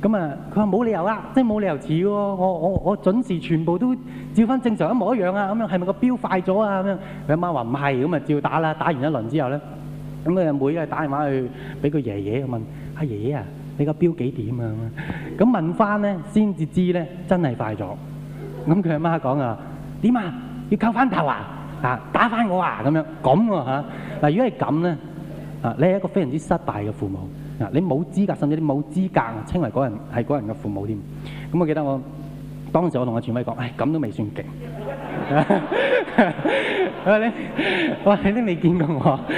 咁啊，佢話冇理由啦，即係冇理由遲嘅喎，我我我準時全部都照翻正常一模一樣啊，咁樣係咪個表快咗啊？咁樣佢阿媽話唔係，咁咪照打啦。打完一輪之後咧，咁佢阿妹啊打電話去俾佢爺爺問：阿爺爺啊，你個表幾點啊？咁問翻咧先至知咧真係快咗。咁佢阿媽講啊：點啊？要救翻頭啊？啊打翻我啊？咁樣咁啊嚇！嗱，如果係咁咧，啊你係一個非常之失敗嘅父母。啊！你冇資格，甚至你冇資格稱為嗰人係嗰人嘅父母添。咁我記得我當時我同阿全威講，唉，咁都未算勁。喂 [LAUGHS] [LAUGHS] 你，喂你都未見過我。 [LAUGHS]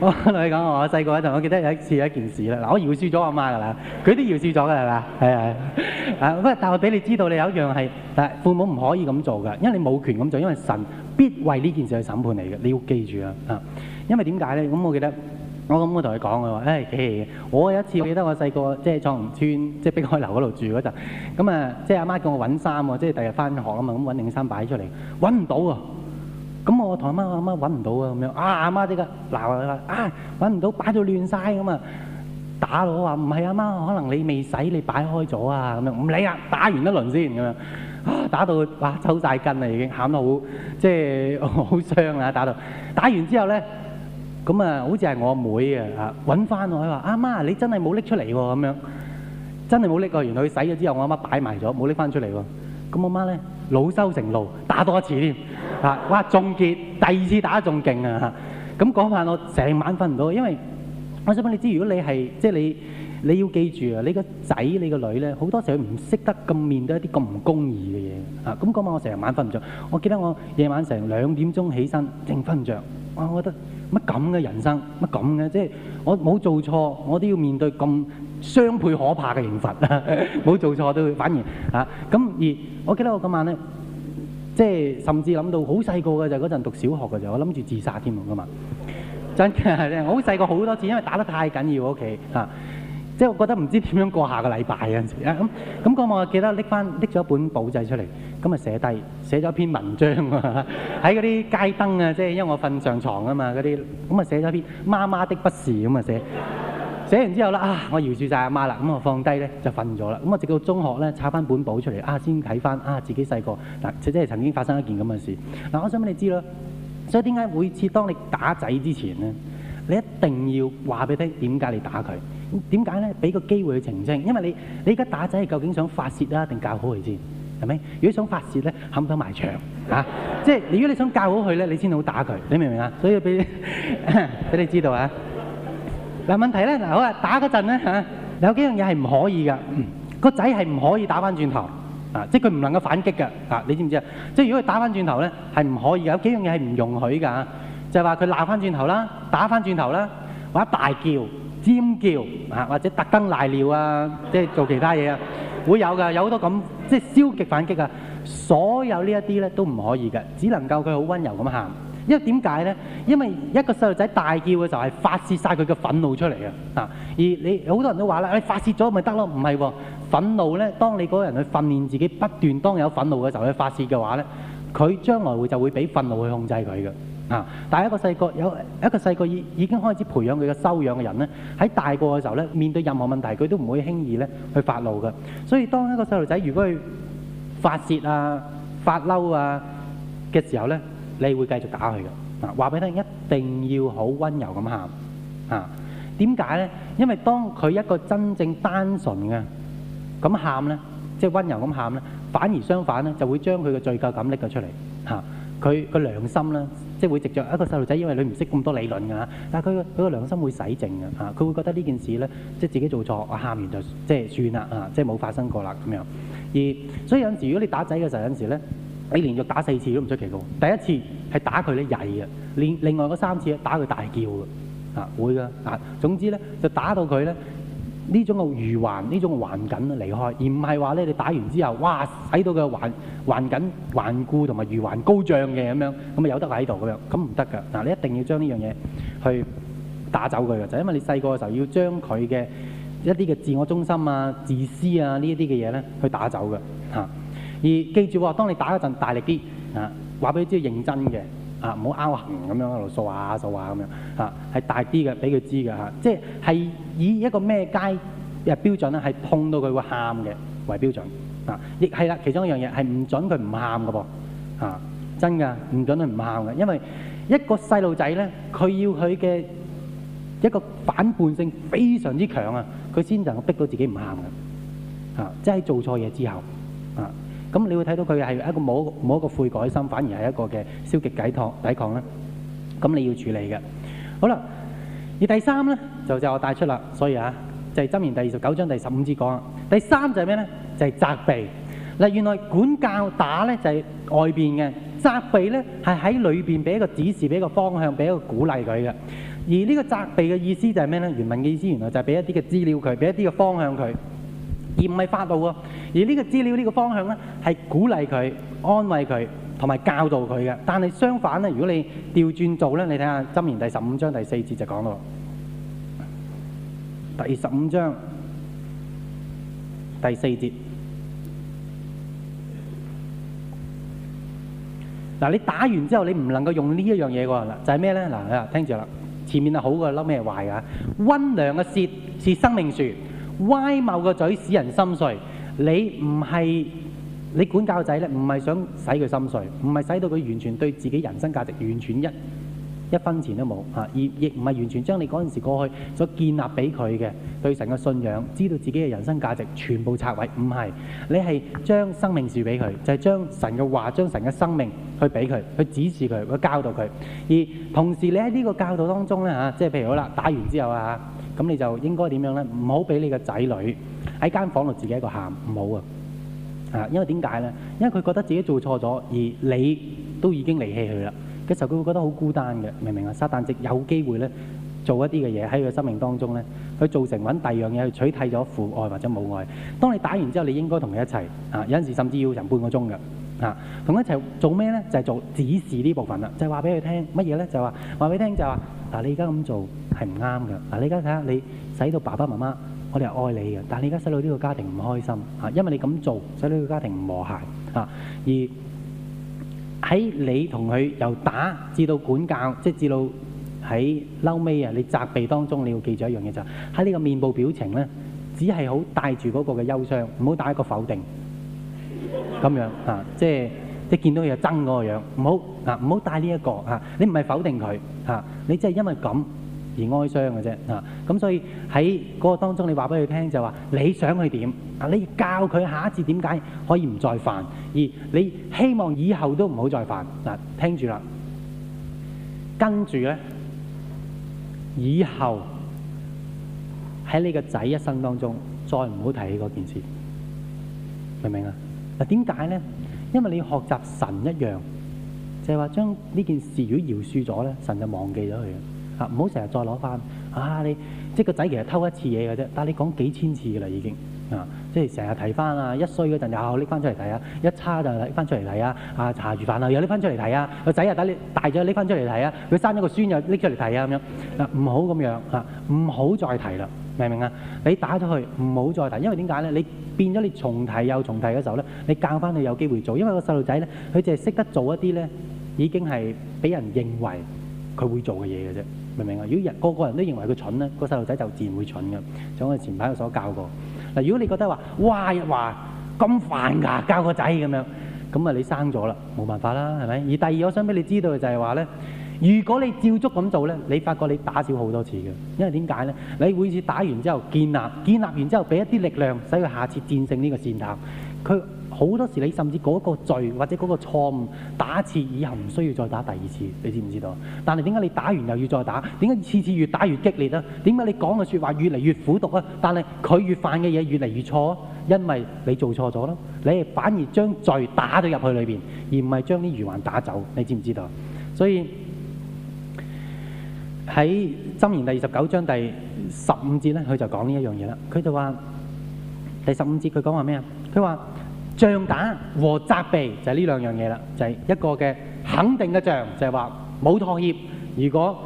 我同你講我細個嗰陣，我記得有一次有一件事啦。嗱，我饒恕咗阿媽啦，佢都饒恕咗噶啦，係咪係。啊，不 [LAUGHS] 過但係俾你知道，你有一樣係父母唔可以咁做嘅，因為你冇權咁做，因為神必為呢件事去審判你嘅，你要記住啊。啊，因為點解咧？咁我記得。我咁我同佢講，佢話：誒，我有一次，我記得我細個，即係藏龍村，即係碧海樓嗰度住嗰陣，咁啊，即係阿媽叫我揾衫喎，即係第日翻學啊嘛，咁揾定衫擺出嚟，揾唔到啊。咁我同阿媽話：阿媽揾唔到啊，咁樣，啊，阿媽即刻鬧佢啊，揾唔到，擺到亂晒。咁啊，打到我話，唔係阿媽，可能你未洗，你擺開咗啊，咁樣，唔理啊，打完一輪先咁樣，啊，打到，哇，抽晒筋啊，已經，喊到好，即係好傷啊，打到，打完之後咧。咁啊，好似係我阿妹啊，揾翻我，佢話：阿媽，你真係冇拎出嚟喎，咁樣真係冇拎喎。原來佢洗咗之後，我阿媽擺埋咗，冇拎翻出嚟喎。咁我媽咧，老羞成怒，打多次添。啊，哇！仲結，第二次打仲勁啊！咁嗰晚我成晚瞓唔到，因為我想問你知，如果你係即係你你要記住啊，你個仔你個女咧，好多時候唔識得咁面對一啲咁唔公義嘅嘢啊。咁嗰晚我成日晚瞓唔着。我記得我夜晚成兩點鐘起身，正瞓唔著，我覺得。乜咁嘅人生，乜咁嘅，即係我冇做錯，我都要面對咁雙倍可怕嘅刑罰。冇 [LAUGHS] 做錯都會反而嚇，咁、啊、而我記得我今晚咧，即係甚至諗到好細個嘅就嗰陣讀小學嘅就，我諗住自殺添啊嘛，真嘅係咧，我好細個好多次，因為打得太緊要屋企嚇。啊即係我覺得唔知點樣過下個禮拜嗰陣時啊，咁咁嗰晚，嗯那個、我記得拎翻拎咗一本簿仔出嚟，咁啊寫低寫咗一篇文章啊，喺嗰啲街燈啊，即係因為我瞓上床啊嘛嗰啲，咁啊寫咗篇媽媽的不是咁啊寫，寫完之後啦啊，我搖住晒阿媽啦，咁、嗯、我放低咧就瞓咗啦，咁、嗯、我直到中學咧拆翻本簿出嚟啊先睇翻啊自己細個嗱，即係曾經發生一件咁嘅事嗱、啊，我想俾你知啦，所以點解每次當你打仔之前咧，你一定要話俾佢聽點解你打佢？點解咧？俾個機會去澄清，因為你你依家打仔係究竟想發泄啦、啊，定教好佢先，係咪？如果想發泄咧，肯唔肯埋牆嚇，啊、 [LAUGHS] 即係如果你想教好佢咧，你先好打佢，你明唔明啊？所以俾俾 [LAUGHS] 你知道啊！但問題咧，嗱，好啊，打嗰陣咧嚇，有幾樣嘢係唔可以噶，個仔係唔可以打翻轉頭啊！即係佢唔能夠反擊嘅啊！你知唔知啊？即係如果佢打翻轉頭咧，係唔可以嘅，有幾樣嘢係唔容許㗎，就係話佢鬧翻轉頭啦，打翻轉頭啦，或者大叫。尖叫啊，或者特登賴尿啊，即係做其他嘢啊，會有噶，有好多咁即係消極反擊啊，所有呢一啲咧都唔可以嘅，只能夠佢好温柔咁喊。因為點解咧？因為一個細路仔大叫嘅時候係發泄曬佢嘅憤怒出嚟嘅啊。而你好多人都話啦，你發泄咗咪得咯？唔係喎，憤怒咧，當你嗰個人去訓練自己不斷當有憤怒嘅時候去發泄嘅話咧，佢將來會就會俾憤怒去控制佢嘅。但係一個細個有一個細個已已經開始培養佢嘅修養嘅人咧，喺大個嘅時候咧，面對任何問題，佢都唔會輕易咧去發怒嘅。所以當一個細路仔如果佢發泄啊、發嬲啊嘅時候咧，你會繼續打佢嘅嗱。話俾你聽，一定要好温柔咁喊啊！點解咧？因為當佢一個真正單純嘅咁喊咧，即係温柔咁喊咧，反而相反咧就會將佢嘅罪疚感拎咗出嚟嚇佢個良心咧。即係會藉著一個細路仔，因為你唔識咁多理論㗎嚇，但係佢個佢個良心會洗淨㗎嚇，佢、啊、會覺得呢件事咧，即係自己做錯，我喊完就即係算啦嚇、啊，即係冇發生過啦咁樣。而所以有陣時，如果你打仔嘅時候有陣時咧，你連續打四次都唔出奇嘅喎。第一次係打佢咧曳嘅，另另外嗰三次係打佢大叫㗎，啊會㗎，啊總之咧就打到佢咧。呢種嘅餘環呢種環境離開，而唔係話你打完之後，哇，使到個環環境固和環固同埋餘環高漲嘅咁樣，咁啊有得喺度咁樣，咁唔得㗎。你一定要將呢樣嘢去打走佢嘅，就、因為你細個嘅時候要將佢嘅一啲嘅自我中心啊、自私啊這些東西呢一啲嘅嘢去打走的、啊、而記住，啊、當你打一陣大力啲啊，話俾你知要認真嘅。啊，唔好拗痕咁樣一路掃下掃下咁樣，嚇係大啲嘅，俾佢知㗎嚇，即係係以一個咩階嘅標準咧，係碰到佢會喊嘅為標準，啊，亦係啦，其中一樣嘢係唔准佢唔喊㗎噃，嚇真㗎，唔准佢唔喊嘅，因為一個細路仔咧，佢要佢嘅一個反叛性非常之強啊，佢先能夠逼到自己唔喊嘅，嚇即係做錯嘢之後。咁你會睇到佢係一個冇冇一個悔改心，反而係一個嘅消極解抗抵抗啦。咁你要處理嘅好啦。而第三咧就就我帶出啦，所以啊就係箴言第二十九章第十五節講啊。第三就係咩咧？就係責備。嗱，原來管教打咧就係外邊嘅，責備咧係喺裏邊俾一個指示，俾一個方向，俾一個鼓勵佢嘅。而呢個責備嘅意思就係咩咧？原文嘅意思原來就係俾一啲嘅資料佢，俾一啲嘅方向佢。而唔係發怒啊！而呢個資料呢個方向咧，係鼓勵佢、安慰佢同埋教導佢嘅。但係相反咧，如果你調轉做咧，你睇下《箴言》第十五章第四節就講到咯。第十五章第四節嗱，你打完之後，你唔能夠用呢一樣嘢喎。嗱，就係咩咧？嗱，你聽住啦，前面係好嘅，嬲咩壞㗎？温良嘅舌是生命樹。歪謬嘅嘴使人心碎，你唔係你管教仔咧，唔係想使佢心碎，唔係使到佢完全對自己人生價值完全一一分錢都冇嚇、啊，而亦唔係完全將你嗰陣時過去所建立俾佢嘅對神嘅信仰，知道自己嘅人生價值全部拆毀，唔係你係將生命樹俾佢，就係、是、將神嘅話、將神嘅生命去俾佢，去指示佢，去教導佢，而同時你喺呢個教導當中咧嚇、啊，即係譬如好啦，打完之後啊。咁你就應該點樣咧？唔好俾你個仔女喺間房度自己一個喊，唔好啊！啊，因為點解咧？因為佢覺得自己做錯咗，而你都已經離棄佢啦。其實佢會覺得好孤單嘅，明唔明啊？撒但即有機會咧，做一啲嘅嘢喺佢生命當中咧，去造成揾第二樣嘢去取替咗父愛或者母愛。當你打完之後，你應該同佢一齊啊！有陣時甚至要成半個鐘嘅。嗱，同一齊做咩咧？就係做指示呢部分啦，就係話俾佢聽乜嘢咧？就係話話俾佢聽就係話嗱，你而家咁做係唔啱嘅。嗱，你而家睇下你使到爸爸媽媽，我哋係愛你嘅，但係你而家使到呢個家庭唔開心嚇，因為你咁做使到呢個家庭唔和諧嚇。而喺你同佢由打至到管教，即係至到喺嬲尾啊！你責備當中，你要記住一樣嘢就係喺你個面部表情咧，只係好帶住嗰個嘅憂傷，唔好帶一個否定。咁樣啊，即係即係見到佢憎嗰個樣，唔好啊，唔好帶呢一個啊。你唔係否定佢啊，你即係因為咁而哀傷嘅啫啊。咁所以喺嗰個當中，你話俾佢聽就話你想佢點啊？你教佢下一次點解可以唔再犯，而你希望以後都唔好再犯嗱。聽住啦，跟住咧，以後喺你個仔一生當中再唔好提起嗰件事，明唔明啊？嗱點解咧？因為你要學習神一樣，就係話將呢件事如果饒恕咗咧，神就忘記咗佢嘅，唔好成日再攞翻。啊，你即係個仔其實偷一次嘢嘅啫，但係你講幾千次嘅啦已經啊，即係成日提翻啊，一衰嗰陣又拎翻出嚟睇啊，一差就拎翻出嚟睇啊，啊茶餘飯後啊又拎翻出嚟睇啊，個仔又等你大咗拎翻出嚟睇啊，佢生咗個孫又拎出嚟睇啊咁樣嗱，唔好咁樣嚇，唔好再提啦，明唔明啊？你打咗佢，唔好再提，因為點解咧？你變咗你重提又重提嘅時候咧，你教翻你有機會做，因為個細路仔咧，佢淨係識得做一啲咧已經係俾人認為佢會做嘅嘢嘅啫，明唔明啊？如果人個個人都認為佢蠢咧，個細路仔就自然會蠢嘅。就我哋前排有所教過嗱，如果你覺得話哇日華咁煩㗎教個仔咁樣，咁啊你生咗啦，冇辦法啦，係咪？而第二，我想俾你知道嘅就係話咧。如果你照足咁做呢，你發覺你打少好多次嘅，因為點解呢？你每次打完之後建立，建立完之後，俾一啲力量使佢下次戰勝呢個試探。佢好多時你甚至嗰個罪或者嗰個錯誤打一次以後唔需要再打第二次，你知唔知道？但係點解你打完又要再打？點解次次越打越激烈啊？點解你講嘅説話越嚟越苦毒啊？但係佢越犯嘅嘢越嚟越錯，因為你做錯咗啦。你反而將罪打咗入去裏邊，而唔係將啲餘患打走。你知唔知道？所以。喺箴言第二十九章第十五節咧，佢就講呢一樣嘢啦。佢就話第十五節佢講話咩啊？佢話杖打和責備就係呢兩樣嘢啦，就係一個嘅肯定嘅杖，就係話冇妥協。如果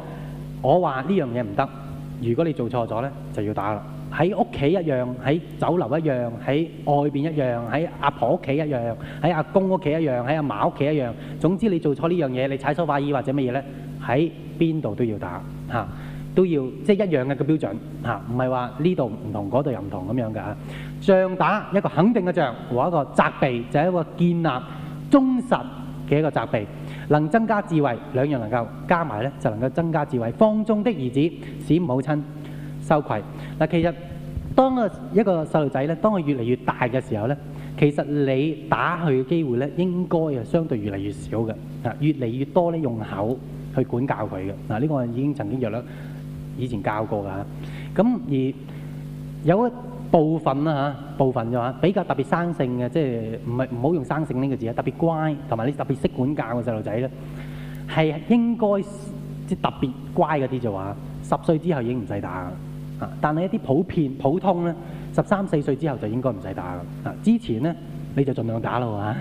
我話呢樣嘢唔得，如果你做錯咗咧，就要打啦。喺屋企一樣，喺酒樓一樣，喺外邊一樣，喺阿婆屋企一樣，喺阿公屋企一樣，喺阿嫲屋企一樣。總之你做錯呢樣嘢，你踩梳化椅或者乜嘢咧？喺邊度都要打嚇，都要即係一樣嘅個標準嚇，唔係話呢度唔同，嗰度又唔同咁樣嘅。杖打一個肯定嘅杖，和一個責備就係、是、一個建立忠實嘅一個責備，能增加智慧，兩樣能夠加埋呢就能夠增加智慧。放縱的兒子使母親羞愧嗱。其實當一個一個細路仔呢，當佢越嚟越大嘅時候呢，其實你打佢嘅機會呢，應該係相對越嚟越少嘅。越嚟越多呢，用口。去管教佢嘅嗱，呢個我已經曾經約兩以前教過嘅。咁而有一部分啊，嚇，部分就話比較特別生性嘅，即係唔係唔好用生性呢個字啊，特別乖同埋你特別識管教嘅細路仔咧，係應該即係特別乖嗰啲就話十歲之後已經唔使打啊。但係一啲普遍普通咧，十三四歲之後就應該唔使打啊。之前咧。你就盡量打啦，話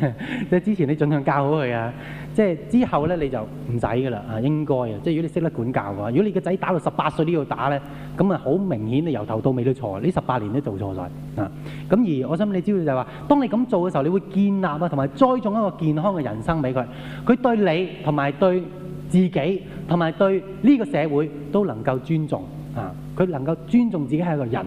即係之前你盡量教好佢啊。即係之後咧，你就唔使噶啦啊，應該啊。即係如果你識得管教嘅話，如果你個仔打到十八歲都要打咧，咁啊好明顯你由頭到尾都錯，呢十八年都做錯曬啊。咁而我想你知道就係話，當你咁做嘅時候，你會建立啊，同埋栽種一個健康嘅人生俾佢。佢對你同埋對自己同埋對呢個社會都能夠尊重啊。佢能夠尊重自己係一個人。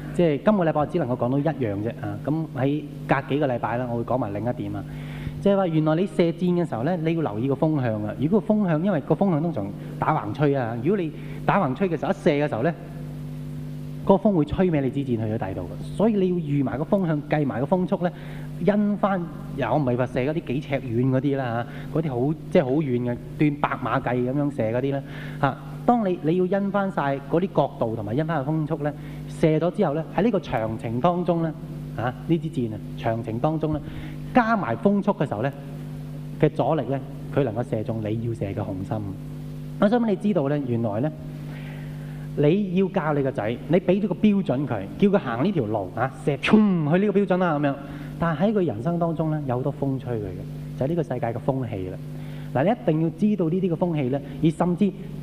即係今個禮拜我只能夠講到一樣啫啊！咁喺隔幾個禮拜啦，我會講埋另一點啊。即係話原來你射箭嘅時候咧，你要留意個風向啊。如果個風向因為個風向通常打橫吹啊，如果你打橫吹嘅時候一射嘅時候咧，嗰個風會吹歪你支箭去咗第度嘅，所以你要預埋個風向，計埋個風速咧，因翻又我唔係話射嗰啲幾尺遠嗰啲啦嚇，嗰啲好即係好遠嘅，斷百馬計咁樣射嗰啲咧嚇。當你你要因翻曬嗰啲角度同埋因翻個風速咧，射咗之後咧，喺呢個長程當中咧，啊呢支箭啊長程當中咧加埋風速嘅時候咧嘅阻力咧，佢能夠射中你要射嘅紅心。我想問你知道咧，原來咧你要教你個仔，你俾咗個標準佢，叫佢行呢條路啊，射衝去呢個標準啦咁樣。但係喺佢人生當中咧，有好多風吹佢嘅，就係呢個世界嘅風氣啦。嗱，你一定要知道呢啲嘅風氣咧，而甚至。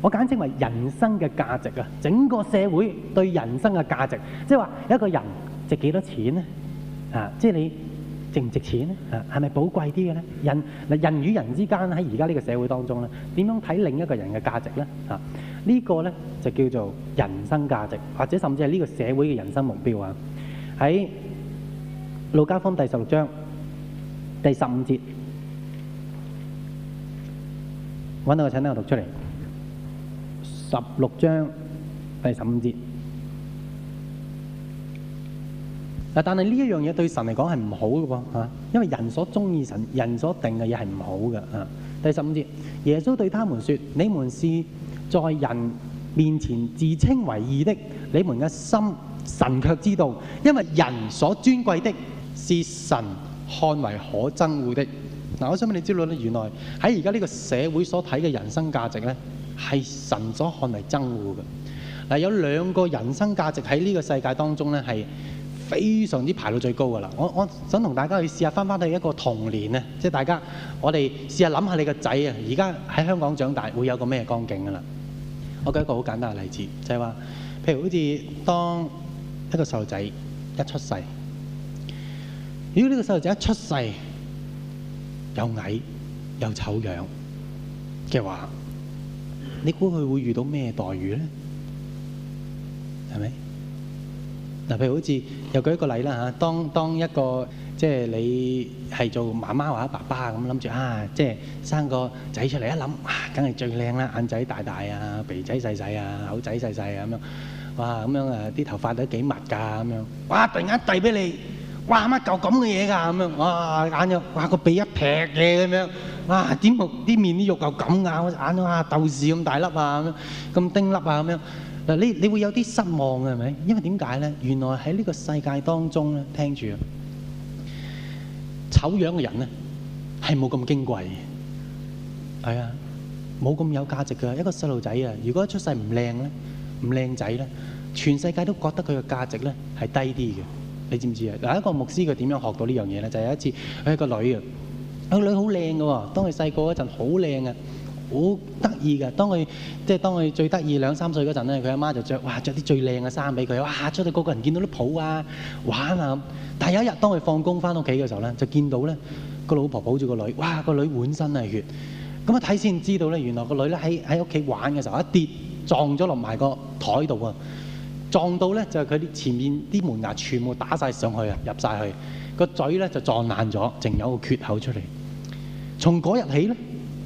我簡稱為人生嘅價值啊！整個社會對人生嘅價值，即係話一個人值幾多錢呢？啊，即係你值唔值錢咧？啊，係咪寶貴啲嘅咧？人，嗱人與人之間喺而家呢個社會當中咧，點樣睇另一個人嘅價值咧？啊，呢個咧就叫做人生價值，或者甚至係呢個社會嘅人生目標啊！喺《路加福音》第十六章第十五節，揾到個請聽我讀出嚟。十六章第十五節，但係呢一樣嘢對神嚟講係唔好嘅喎，吓，因為人所中意神，人所定嘅嘢係唔好嘅。吓，第十五節，耶穌對他們說：你們是，在人面前自稱為義的，你們嘅心，神卻知道，因為人所尊貴的，是神看為可憎惡的。嗱，我想問你知道咧，原來喺而家呢個社會所睇嘅人生價值呢？係神所看為珍寶嘅。嗱，有兩個人生價值喺呢個世界當中咧，係非常之排到最高噶啦。我我想同大家去試下翻翻去一個童年啊，即係大家我哋試下諗下你個仔啊，而家喺香港長大會有個咩光景噶啦？我舉一個好簡單嘅例子，就係話，譬如好似當一個細路仔一出世，如果呢個細路仔一出世又矮又醜樣嘅話，你估佢會遇到咩待遇咧？係咪？嗱，譬如好似又舉一個例啦吓，當當一個即係你係做媽媽或者爸爸啊，咁諗住啊，即係生個仔出嚟一諗，哇，梗係最靚啦，眼仔大大啊，鼻仔細細啊，口仔細細啊咁樣，哇，咁樣啊，啲頭髮都幾密㗎咁樣，哇，突然間遞畀你，哇，乜嚿咁嘅嘢㗎咁樣，哇，眼又，哇，個鼻一劈嘅咁樣。啊，點啲麵啲肉夠咁啊？我眼啊豆豉咁大粒啊咁樣，咁丁粒啊咁樣。嗱，你你會有啲失望嘅係咪？因為點解咧？原來喺呢個世界當中咧，聽住醜樣嘅人咧係冇咁矜貴嘅，係啊，冇咁有價值嘅。一個細路仔啊，如果出世唔靚咧，唔靚仔咧，全世界都覺得佢嘅價值咧係低啲嘅。你知唔知啊？有一個牧師佢點樣學到呢樣嘢咧？就係、是、有一次，佢係個女啊。個女好靚嘅喎，當佢細個嗰陣好靚嘅，好得意嘅。當佢即係當佢最得意兩三歲嗰陣咧，佢阿媽就着哇，著啲最靚嘅衫俾佢，哇出去個個人見到都抱啊玩啊。但係有一日當佢放工翻屋企嘅時候咧，就見到咧個老婆抱住個女，哇個女滿身係血。咁啊睇先知道咧，原來個女咧喺喺屋企玩嘅時候一跌撞咗落埋個台度啊，撞到咧就係佢前面啲門牙全部打晒上去啊，入晒去個嘴咧就撞爛咗，淨有個缺口出嚟。從嗰日起咧，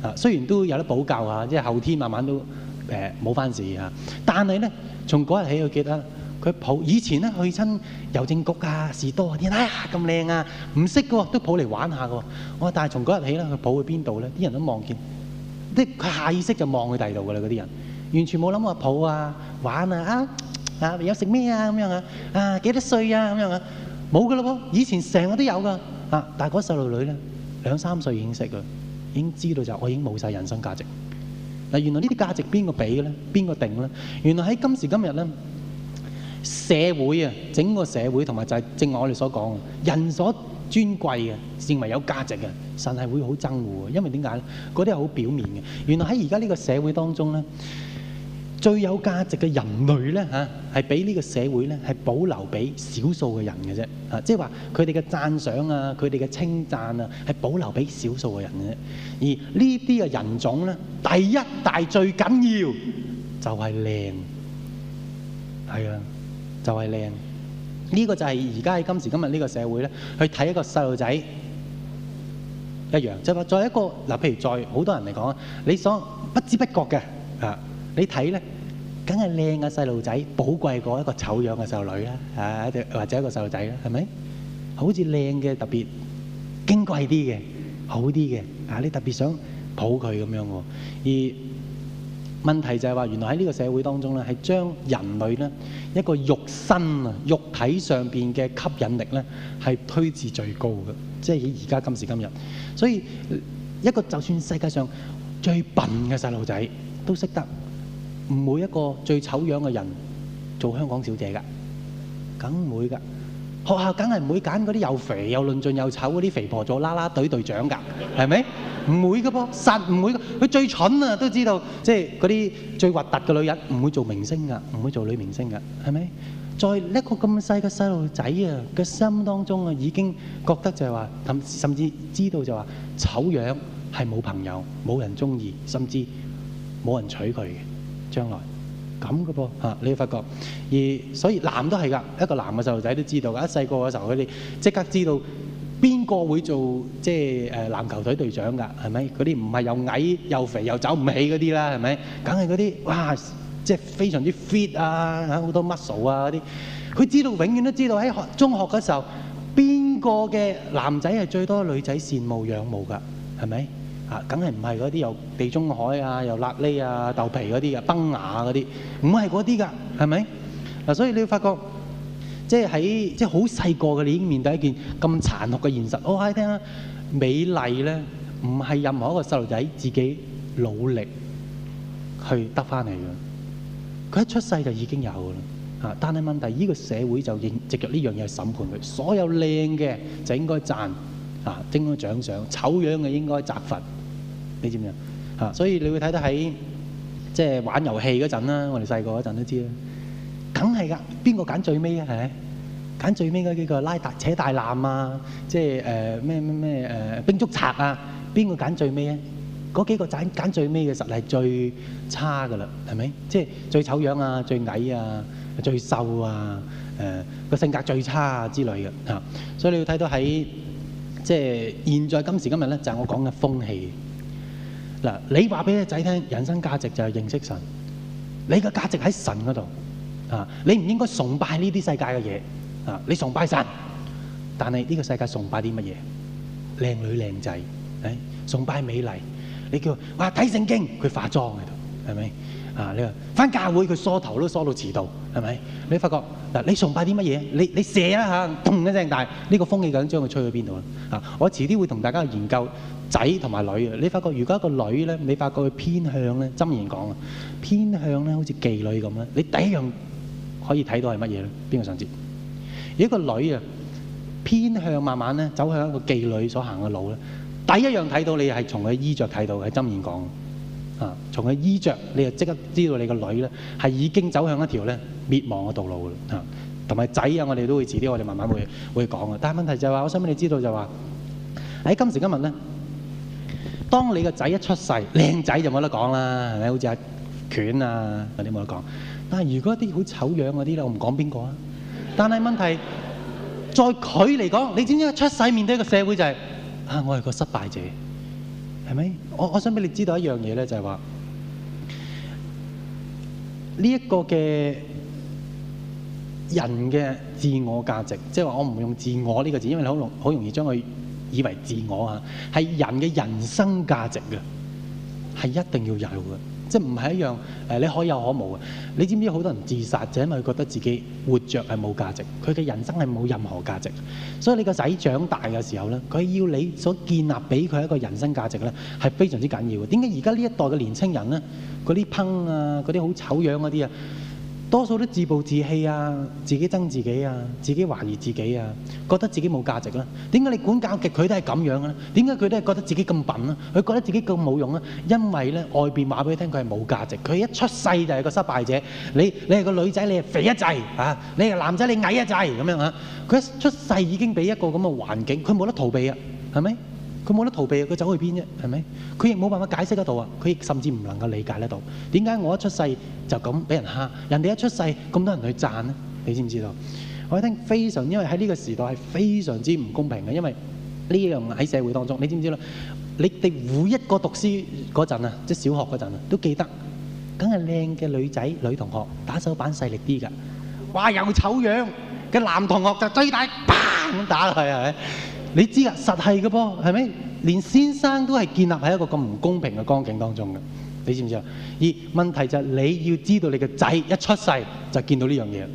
啊，雖然都有得補救啊，即係後天慢慢都誒冇返事啊。但係咧，從嗰日起我記得佢抱以前咧去親郵政局啊、士多啊，哎呀咁靚啊，唔識嘅都抱嚟玩下嘅。我話但係從嗰日起咧，佢抱去邊度咧？啲人都望見，即係佢下意識就望去第二度嘅啦。嗰啲人完全冇諗過抱啊、玩啊、啊啊有食咩啊咁樣啊、啊幾多歲啊咁樣啊，冇嘅咯喎。以前成日都有嘅啊，但係嗰個細路女咧。兩三歲已經認識啦，已經知道就我已經冇晒人生價值。嗱，原來呢啲價值邊個俾嘅咧？邊個定咧？原來喺今時今日咧，社會啊，整個社會同埋就係正如我哋所講嘅人所尊貴嘅，視為有價值嘅，神係會好憎護嘅，因為點解咧？嗰啲係好表面嘅。原來喺而家呢個社會當中咧。最有價值嘅人類咧嚇，係俾呢個社會咧，係保留俾少數嘅人嘅啫，啊，即係話佢哋嘅讚賞啊，佢哋嘅稱讚啊，係保留俾少數嘅人嘅啫。而呢啲嘅人種咧，第一大最緊要就係靚，係啊，就係靚。呢個就係而家喺今時今日呢個社會咧，去睇一個細路仔一樣，即係話再一個嗱，譬如再好多人嚟講，你所不知不覺嘅啊。你睇咧，梗係靚嘅細路仔寶貴過一個醜樣嘅細路女啦，啊，一隻或者一個細路仔啦，係咪？好似靚嘅特別矜貴啲嘅好啲嘅啊，你特別想抱佢咁樣喎。而問題就係話，原來喺呢個社會當中咧，係將人類咧一個肉身啊、肉體上邊嘅吸引力咧係推至最高嘅，即係而家今時今日，所以一個就算世界上最笨嘅細路仔都識得。唔會一個最醜樣嘅人做香港小姐㗎，梗唔會㗎。學校梗係唔會揀嗰啲又肥又論盡又醜嗰啲肥婆做啦啦隊隊長㗎，係咪？唔會㗎噃，實唔會。佢最蠢啊，都知道，即係嗰啲最核突嘅女人唔會做明星㗎，唔會做女明星㗎，係咪？在一個咁細嘅細路仔啊嘅心當中啊，已經覺得就係話，甚甚至知道就係話醜樣係冇朋友，冇人中意，甚至冇人娶佢嘅。將來咁嘅噃嚇，你會發覺，而所以男都係㗎，一個男嘅細路仔都知道㗎，一細個嘅時候，佢哋即刻知道邊個會做即係誒籃球隊隊長㗎，係咪？嗰啲唔係又矮又肥又走唔起嗰啲啦，係咪？梗係嗰啲哇，即係非常之 fit 啊，好多 muscle 啊嗰啲。佢知道永遠都知道喺學中學嘅時候，邊個嘅男仔係最多女仔羨慕仰慕㗎，係咪？梗係唔係嗰啲又地中海啊，又辣痢啊、豆皮嗰啲啊崩牙嗰啲，唔係嗰啲㗎，係咪？嗱、啊，所以你會發覺，即係喺即係好細個嘅，就是、你已經面對一件咁殘酷嘅現實。我講你聽啊，美麗咧唔係任何一個細路仔自己努力去得翻嚟嘅，佢一出世就已經有㗎啦、啊。但係問題呢個社會就直藉著呢樣嘢審判佢，所有靚嘅就應該讚嚇、啊，應該獎賞；醜樣嘅應該責罰。你知唔知啊？嚇，所以你會睇到喺即係玩遊戲嗰陣啦。我哋細個嗰陣都知啦，梗係噶，邊個揀最尾啊？係揀最尾嗰幾個拉大扯大攬啊，即係誒咩咩咩誒兵捉賊啊？邊個揀最尾啊？嗰幾個揀揀最尾嘅實力最差噶啦，係咪？即係最醜樣啊，最矮啊，最瘦啊，誒個性格最差啊之類嘅嚇。所以你要睇到喺即係現在今時今日咧，就係我講嘅風氣。嗱，你話俾個仔聽，人生價值就係認識神，你嘅價值喺神嗰度啊！你唔應該崇拜呢啲世界嘅嘢啊！你崇拜神，但係呢個世界崇拜啲乜嘢？靚女靚仔，誒崇拜美麗。你叫話睇聖經，佢化妝喺度，係咪啊？你話翻教會佢梳頭都梳到遲到，係咪？你發覺嗱，你崇拜啲乜嘢？你你射一下，咚一聲！但係呢個風氣究竟將，佢吹去邊度啦？啊！我遲啲會同大家研究。仔同埋女啊！你發覺如果個女咧，你發覺佢偏向咧，箴言講啊，偏向咧好似妓女咁啦。你第一樣可以睇到係乜嘢咧？邊個想知？如果個女啊偏向慢慢咧走向一個妓女所行嘅路咧，第一樣睇到你係從佢衣着睇到嘅，箴言講啊，從佢衣着你就即刻知道你個女咧係已經走向一條咧滅亡嘅道路啦啊！同埋仔啊，我哋都會遲啲，我哋慢慢會會講嘅。但係問題就係、是、話，我想俾你知道就話、是、喺今時今日咧。當你個仔一出世，靚仔就冇得講啦，係咪？好似阿權啊嗰啲冇得講。但係如果啲好醜樣嗰啲咧，我唔講邊個啊。但係問題是在佢嚟講，你知唔知出世面對一個社會就係、是、啊，我係個失敗者，係咪？我我想俾你知道一樣嘢咧，就係話呢一個嘅人嘅自我價值，即係話我唔用自我呢個字，因為好容好容易將佢。以為自我啊，係人嘅人生價值嘅，係一定要有嘅，即係唔係一樣誒，你可有可無嘅？你知唔知好多人自殺者係因為佢覺得自己活著係冇價值，佢嘅人生係冇任何價值。所以你個仔長大嘅時候咧，佢要你所建立俾佢一個人生價值咧，係非常之緊要嘅。點解而家呢一代嘅年青人咧，嗰啲烹啊，嗰啲好醜樣嗰啲啊？多數都自暴自棄啊，自己憎自己啊，自己懷疑自己啊，覺得自己冇價值啦。點解你管教極佢都係咁樣咧？點解佢都係覺得自己咁笨啊？佢覺得自己咁冇用啊？因為咧，外邊話俾佢聽，佢係冇價值。佢一出世就係個失敗者。你你係個女仔，你係肥一滯啊！你係男仔，你矮一滯咁樣啊！佢一出世已經俾一個咁嘅環境，佢冇得逃避啊，係咪？冇得逃避，佢走去邊啫？係咪？佢亦冇辦法解釋得到啊！佢亦甚至唔能夠理解得到點解我一出世就咁俾人蝦，人哋一出世咁多人去讚咧？你知唔知道？我一聽非常，因為喺呢個時代係非常之唔公平嘅，因為呢樣喺社會當中，你知唔知咧？你哋每一個讀書嗰陣啊，即係小學嗰陣啊，都記得，梗係靚嘅女仔女同學打手板細力啲㗎，哇！又醜樣嘅男同學就最大，bang 咁打落去係係。你知啊，實係嘅噃，係咪？連先生都係建立喺一個咁唔公平嘅光景當中嘅，你知唔知啊？而問題就係你要知道你嘅仔一出世就見到呢樣嘢啦，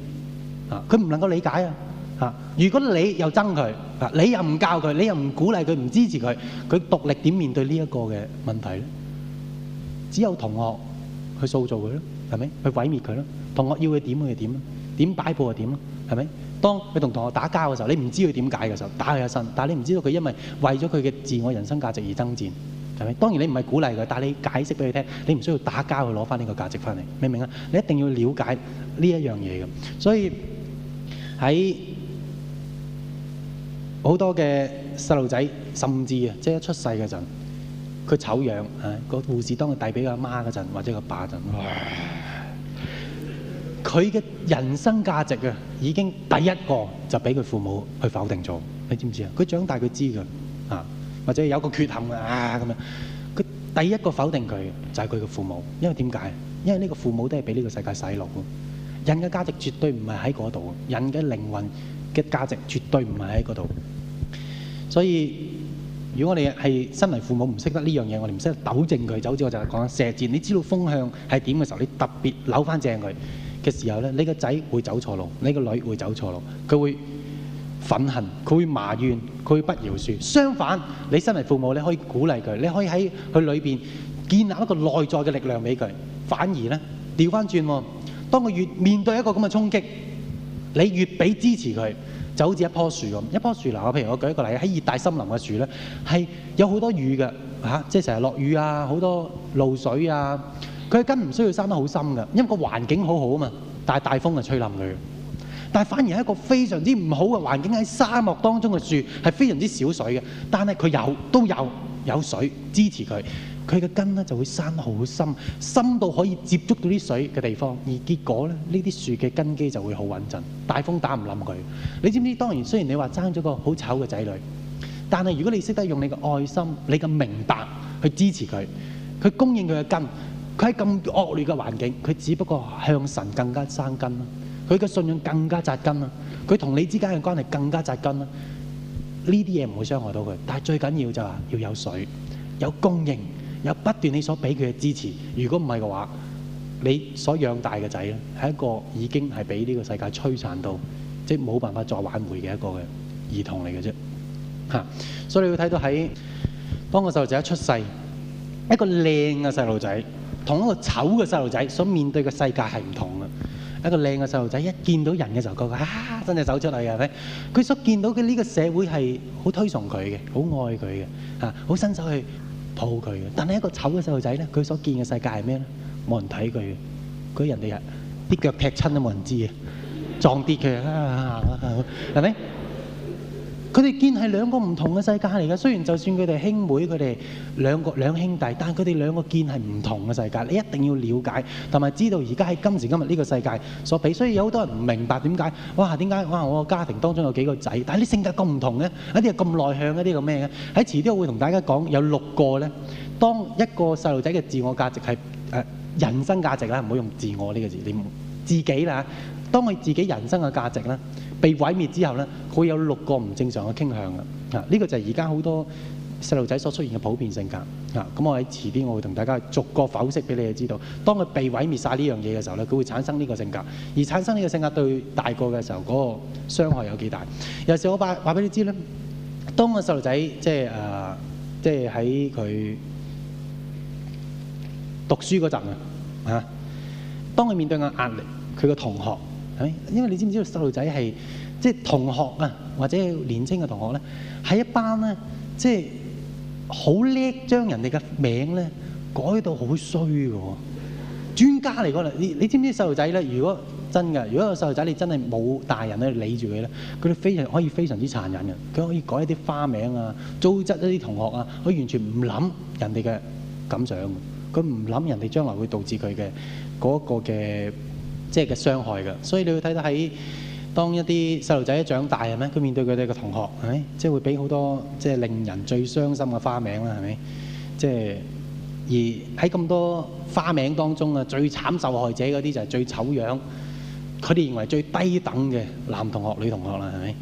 啊，佢唔能夠理解啊，啊，如果你又憎佢，啊，你又唔教佢，你又唔鼓勵佢，唔支持佢，佢獨立點面對呢一個嘅問題咧？只有同學去塑造佢咯，係咪？去毀滅佢咯，同學要佢點佢點咯，點擺佈就點咯，係咪？當你同同學打交嘅時候，你唔知佢點解嘅時候打佢一身，但係你唔知道佢因為為咗佢嘅自我人生價值而爭戰，係咪？當然你唔係鼓勵佢，但係你解釋俾佢聽，你唔需要打交去攞翻呢個價值翻嚟，明唔明啊？你一定要了解呢一樣嘢嘅，所以喺好多嘅細路仔，甚至啊，即係一出世嗰陣，佢醜樣啊，個護士當佢遞俾阿媽嗰陣，或者個爸陣。佢嘅人生價值啊，已經第一個就俾佢父母去否定咗。你知唔知啊？佢長大佢知噶啊，或者有個缺陷啊咁樣。佢第一個否定佢就係佢嘅父母，因為點解？因為呢個父母都係俾呢個世界洗腦。人嘅價值，絕對唔係喺嗰度。人嘅靈魂嘅價值絕對唔係喺嗰度。所以，如果我哋係身為父母唔識得呢樣嘢，我哋唔識得糾正佢就好似我就係講射箭，你知道風向係點嘅時候，你特別扭翻正佢。嘅時候咧，你個仔會走錯路，你個女會走錯路，佢會憤恨，佢會埋怨，佢會，會不饒恕。相反，你身為父母，你可以鼓勵佢，你可以喺佢裏邊建立一個內在嘅力量俾佢。反而咧，調翻轉喎，當佢越面對一個咁嘅衝擊，你越俾支持佢，就好似一棵樹咁，一棵樹嗱，我譬如我舉一個例，喺熱帶森林嘅樹咧，係有好多雨嘅嚇，啊，即係成日落雨啊，好多露水啊。佢根唔需要生得好深嘅，因為個環境好好啊嘛。但係大風就吹冧佢。但係反而係一個非常之唔好嘅環境，喺沙漠當中嘅樹，係非常之少水嘅，但係佢有都有有水支持佢。佢嘅根咧就會生得好深，深到可以接觸到啲水嘅地方。而結果咧，呢啲樹嘅根基就會好穩陣，大風打唔冧佢。你知唔知？當然雖然你話爭咗個好醜嘅仔女，但係如果你識得用你嘅愛心、你嘅明白去支持佢，佢供應佢嘅根。佢喺咁惡劣嘅環境，佢只不過向神更加生根啦。佢嘅信仰更加扎根啦。佢同你之間嘅關係更加扎根啦。呢啲嘢唔會傷害到佢，但係最緊要就係要有水，有供應，有不斷你所俾佢嘅支持。如果唔係嘅話，你所養大嘅仔咧係一個已經係俾呢個世界摧殘到，即係冇辦法再挽回嘅一個嘅兒童嚟嘅啫。嚇，所以你要睇到喺當個細路仔一出世，一個靚嘅細路仔。同一個醜嘅細路仔所面對嘅世界係唔同嘅，一個靚嘅細路仔一見到人嘅時候，覺得啊，真係走出嚟啊，係咪？佢所見到嘅呢個社會係好推崇佢嘅，好愛佢嘅，啊，好伸手去抱佢嘅。但係一個醜嘅細路仔咧，佢所見嘅世界係咩咧？冇人睇佢嘅，佢人哋啊啲腳踢親都冇人知嘅，撞跌佢啊，係咪啊？佢哋見係兩個唔同嘅世界嚟嘅，雖然就算佢哋兄妹，佢哋兩個兩兄弟，但係佢哋兩個見係唔同嘅世界，你一定要了解同埋知道而家喺今時今日呢個世界所俾，所以有好多人唔明白點解哇？點解哇？我個家庭當中有幾個仔，但係你性格咁唔同嘅，一啲咁內向，一啲咁咩嘅？喺遲啲我會同大家講，有六個咧，當一個細路仔嘅自我價值係誒、啊、人生價值啦，唔好用自我呢個字，你自己啦，當佢自己人生嘅價值啦。被毀滅之後咧，會有六個唔正常嘅傾向啊，呢、呢個就係而家好多細路仔所出現嘅普遍性格。啊，咁我喺遲啲，我、我會同大家逐個剖析畀你哋知道。當佢被毀滅晒呢樣嘢嘅時候呢，佢會產生呢個性格，而產生呢個性格對大個嘅時候嗰、嗰個傷害有幾大？有時我話話俾你知呢，當個細路仔即係、呃、即係喺佢讀書嗰陣啊，當佢面對嘅壓力，佢個同學。因為你知唔知道細路仔係即係同學啊，或者年青嘅同學咧，係一班咧，即係好叻將人哋嘅名咧改到好衰嘅喎。專家嚟講，你你知唔知細路仔咧？如果真嘅，如果個細路仔你真係冇大人咧理住佢咧，佢哋非常可以非常之殘忍嘅，佢可以改一啲花名啊、糟質一啲同學啊，佢完全唔諗人哋嘅感想，佢唔諗人哋將來會導致佢嘅嗰個嘅。即係嘅傷害㗎，所以你要睇到喺當一啲細路仔一長大係咩？佢面對佢哋嘅同學，係咪？即係會俾好多即係令人最傷心嘅花名啦，係咪？即係而喺咁多花名當中啊，最慘受害者嗰啲就係最醜樣，佢哋認為最低等嘅男同學、女同學啦，係咪？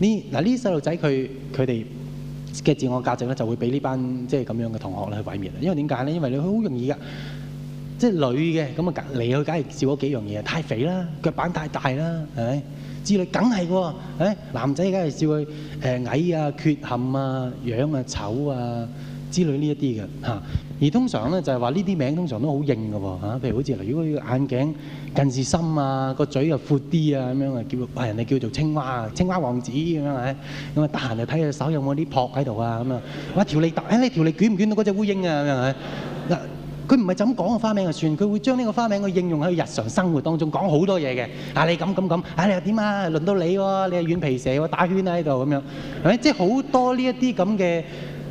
呢嗱呢啲細路仔佢佢哋嘅自我價值咧就會俾呢班即係咁樣嘅同學咧去毀滅啊！因為點解咧？因為你好容易㗎。即係女嘅咁啊，嚟佢梗係笑嗰幾樣嘢太肥啦，腳板太大啦，係咪？之類梗係喎。誒男仔梗係笑佢誒矮啊、缺陷啊、樣啊、醜啊之類呢一啲嘅嚇。而通常咧就係話呢啲名通常都好硬嘅喎嚇。譬如好似如果嗰個眼鏡近視深啊，個嘴又闊啲啊，咁樣啊叫話人哋叫做青蛙啊，青蛙王子咁樣係咁啊，得閒就睇下手有冇啲撲喺度啊咁啊。話條脷大，你條脷捲唔捲到嗰隻烏蠅啊咁樣係。佢唔係就咁講個花名就算，佢會將呢個花名去應用喺日常生活當中，講好多嘢嘅。啊，你咁咁咁，啊你又點啊？輪到你喎，啊，你係軟皮蛇喎，啊，打圈喺度咁樣。係咪？即係好多呢一啲咁嘅，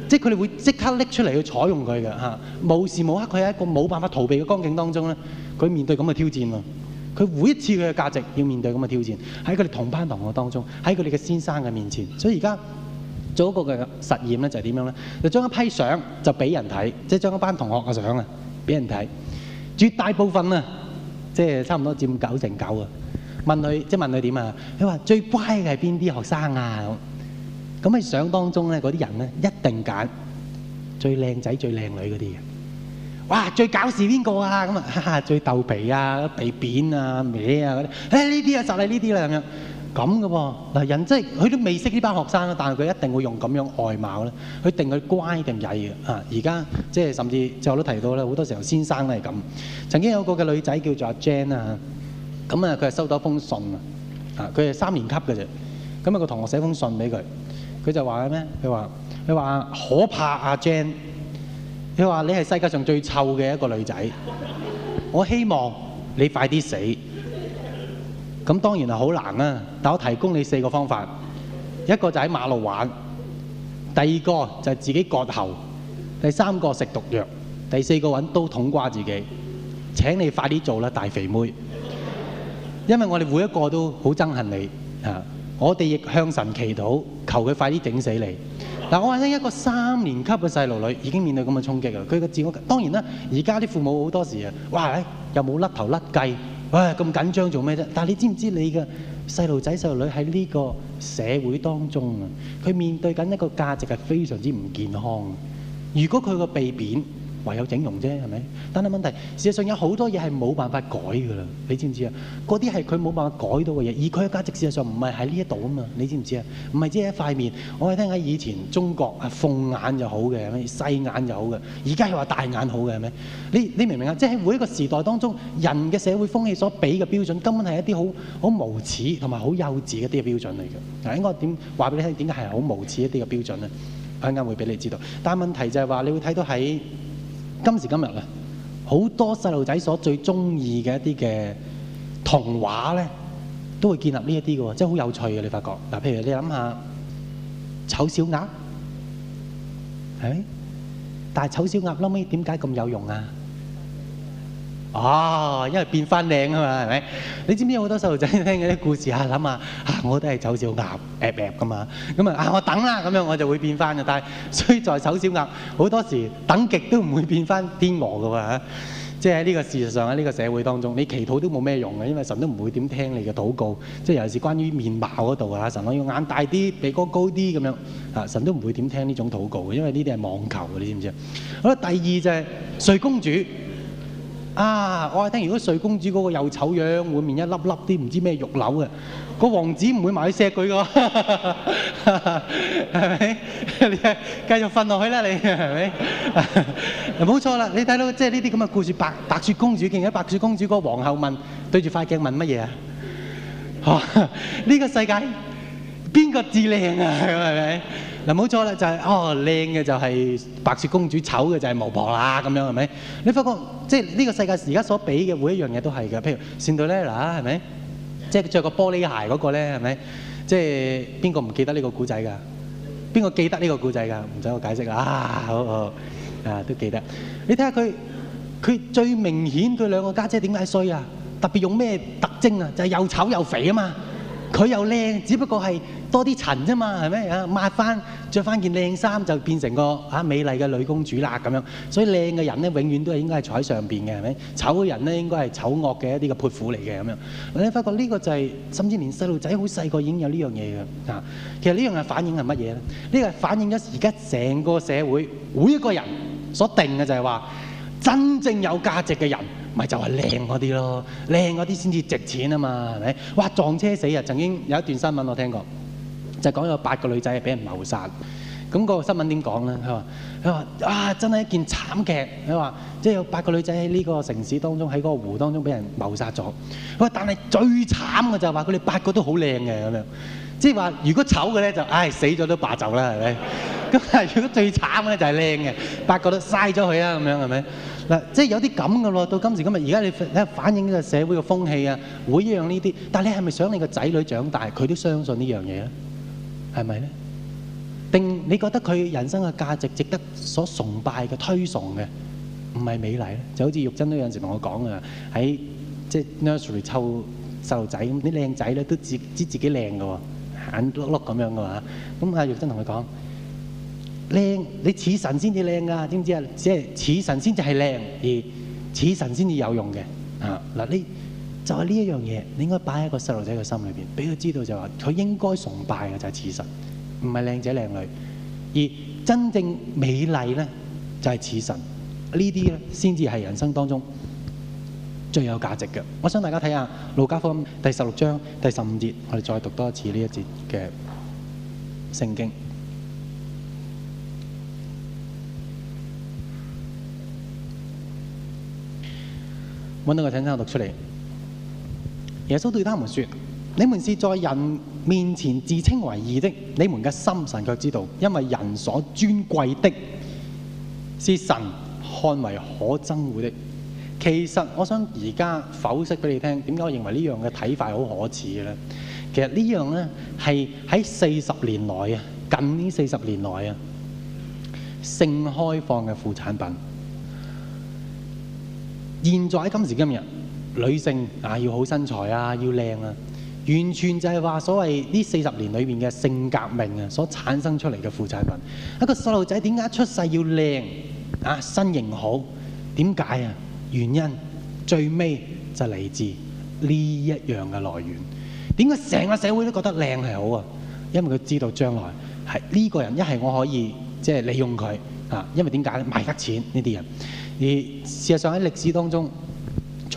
即係佢哋會即刻拎出嚟去採用佢嘅嚇。無時無刻佢喺一個冇辦法逃避嘅光景當中咧，佢面對咁嘅挑戰喎。佢每一次佢嘅價值要面對咁嘅挑戰，喺佢哋同班同學當中，喺佢哋嘅先生嘅面前。所以而家做一個嘅實驗咧，就係點樣咧？就將一批相就俾人睇，即係將一班同學嘅相啊。俾人睇，絕大部分啊，即係差唔多佔九成九啊。問佢，即係問佢點啊？佢話最乖嘅係邊啲學生啊？咁，咁喺相當中咧，嗰啲人咧一定揀最靚仔、最靚女嗰啲嘅。哇！最搞事邊個啊？咁啊，哈哈！最鬥皮啊、鼻扁啊、歪啊嗰啲，誒呢啲啊，就係呢啲啦咁樣。咁嘅喎，人即佢都未識呢班學生啦，但係佢一定會用咁樣外貌佢定佢乖定曳啊，而家即係甚至就我都提到啦，好多時候先生都係咁。曾經有個女仔叫做阿 Jane 啊，咁啊佢係收到一封信啊，佢係三年級嘅啫，咁啊個同學寫封信俾佢，佢就話咩？佢話佢話可怕啊 Jane，佢話你係世界上最臭嘅一個女仔，我希望你快啲死。咁當然係好難啊！但我提供你四個方法，一個就喺馬路玩，第二個就係自己割喉，第三個食毒藥，第四個揾刀捅瓜自己。請你快啲做啦，大肥妹！因為我哋每一個都好憎恨你嚇，我哋亦向神祈禱，求佢快啲整死你。嗱，我話呢一個三年級嘅細路女已經面對咁嘅衝擊啦，佢嘅自我當然啦，而家啲父母好多時啊，哇！又冇甩頭甩髻。喂，咁緊張做咩啫？但你知唔知道你嘅細路仔細路女喺呢個社會當中啊，佢面對緊一個價值係非常之唔健康的。如果佢個被扁，唯有整容啫，係咪？但係問題，事實上有好多嘢係冇辦法改噶啦，你知唔知啊？嗰啲係佢冇辦法改到嘅嘢，而佢嘅價值，事實上唔係喺呢一度啊嘛，你知唔知啊？唔係即係塊面。我哋聽下以前中國啊，鳳眼就好嘅，係咪？細眼就好嘅，而家係話大眼好嘅係咪？你你明唔明啊？即係每一個時代當中，人嘅社會風氣所俾嘅標準，根本係一啲好好無恥同埋好幼稚一啲嘅標準嚟嘅。嗱，應該點話俾你聽？點解係好無恥一啲嘅標準咧？我一陣會俾你知道。但係問題就係話，你會睇到喺。今時今日啊，好多細路仔所最中意嘅一啲嘅童話咧，都會建立呢一啲嘅，即係好有趣嘅。你發覺嗱，譬如你諗下醜小鴨，係咪？但係醜小鴨後尾點解咁有用啊？哦，因為變翻靚啊嘛，係咪？你知唔知有好多細路仔聽嗰啲故事啊？諗下啊，嚇我都係醜小鴨，鴨鴨噶嘛，咁啊，啊我等啦，咁樣我就會變翻嘅。但係衰在醜小鴨，好多時等極都唔會變翻天鵝噶喎嚇。即係喺呢個事實上喺呢個社會當中，你祈禱都冇咩用嘅，因為神都唔會點聽你嘅禱告。即係尤其是關於面貌嗰度啊，神我要眼大啲，鼻哥高啲咁樣啊，神都唔會點聽呢種禱告嘅，因為呢啲係妄求嘅，你知唔知啊？好啦，第二就係睡公主。啊！我係聽，如果睡公主嗰個又醜樣，滿面一粒粒啲唔知咩肉瘤嘅，個王子唔會埋去錫佢噶，係咪？ [LAUGHS] 係咪 [LAUGHS] 你繼續瞓落去啦，你係咪？冇 [LAUGHS] 錯啦，你睇到即係呢啲咁嘅故事白，白白雪公主見咗白雪公主，個皇后問，對住塊鏡問乜嘢啊？呢、呢個世界，邊個至靚啊？咁係咪嗱？冇錯啦，就係、是、哦靚嘅就係白雪公主，醜嘅就係巫婆啦。咁樣係咪？你發覺即係呢個世界而家所畀嘅每一樣嘢都係嘅。譬如先到咧嗱，係咪即係着個玻璃鞋嗰、那個咧？係咪即係邊個唔記得呢個古仔㗎？邊個記得呢個古仔㗎？唔使我解釋啦啊！好好啊，都記得。你睇下佢佢最明顯，佢兩個家姐點解衰啊？特別用咩特徵啊？就係、是、又醜又肥啊嘛。佢又靚，只不過係。多啲塵啫嘛，係咪啊？抹翻着翻件靚衫就變成個嚇美麗嘅女公主啦咁樣。所以靚嘅人咧，永遠都係應該係坐喺上邊嘅，係咪？醜嘅人咧，應該係醜惡嘅一啲嘅潑婦嚟嘅咁樣。你發覺呢個就係、是，甚至連細路仔好細個已經有呢樣嘢嘅嚇。其實呢樣嘢反映係乜嘢咧？呢個反映咗而家成個社會每一個人所定嘅就係話，真正有價值嘅人咪就係靚嗰啲咯，靚嗰啲先至值錢啊嘛，係咪？哇！撞車死啊！曾經有一段新聞我聽過。就講、是、有八個女仔係俾人謀殺，咁、個新聞點講咧？佢話佢話啊，真係一件慘劇！佢話即係有八個女仔喺呢個城市當中，喺嗰個湖當中俾人謀殺咗。佢話但係最慘嘅就係話佢哋八個都好靚嘅咁樣，即係話如果醜嘅咧就唉、哎、死咗都罷走啦，係咪？咁但係如果最慘咧就係靚嘅八個都嘥咗佢啊咁樣，係咪？嗱，即係有啲咁嘅咯。到今時今日而家你看看反映嘅社會嘅風氣啊，會讓呢啲，但係你係咪想你個仔女長大佢都相信呢樣嘢咧？係咪咧？定你覺得佢人生嘅價值值得所崇拜嘅推崇嘅，唔係美麗咧？就好似玉珍都有陣時同我講啊，喺即係 nursery 湊細路仔咁，啲靚仔咧都知知自己靚嘅喎，眼碌碌咁樣嘅嘛。咁阿玉珍同佢講：靚，你似神仙至靚㗎？知唔知啊？即似神仙至係靚，而似神仙先至有用嘅啊！嗱，呢。就係呢一樣嘢，你應該擺喺個細路仔嘅心裏邊，俾佢知道就話，佢應該崇拜嘅就係此神，唔係靚仔靚女。而真正美麗咧，就係此神。呢啲先至係人生當中最有價值嘅。我想大家睇下《路加福音》第十六章第十五節，我哋再讀多一次呢一節嘅聖經。揾到個請生，我讀出嚟。耶穌對他們説：你們是在人面前自稱為義的，你們嘅心神卻知道，因為人所尊貴的，是神看為可憎惡的。其實我想而家剖析俾你聽，點解我認為呢樣嘅睇法好可恥嘅呢？其實呢樣呢係喺四十年內啊，近呢四十年內啊，性開放嘅副產品。現在，在今時今日。女性啊，要好身材啊，要靚啊，完全就係話所謂呢四十年裏面嘅性革命啊，所產生出嚟嘅副產品。一個細路仔點解一出世要靚啊，身形好？點解啊？原因最尾就嚟自呢一樣嘅來源。點解成個社會都覺得靚係好啊？因為佢知道將來係呢個人一係我可以即係利用佢啊。因為點解咧，賣得錢呢啲人？而事實上喺歷史當中。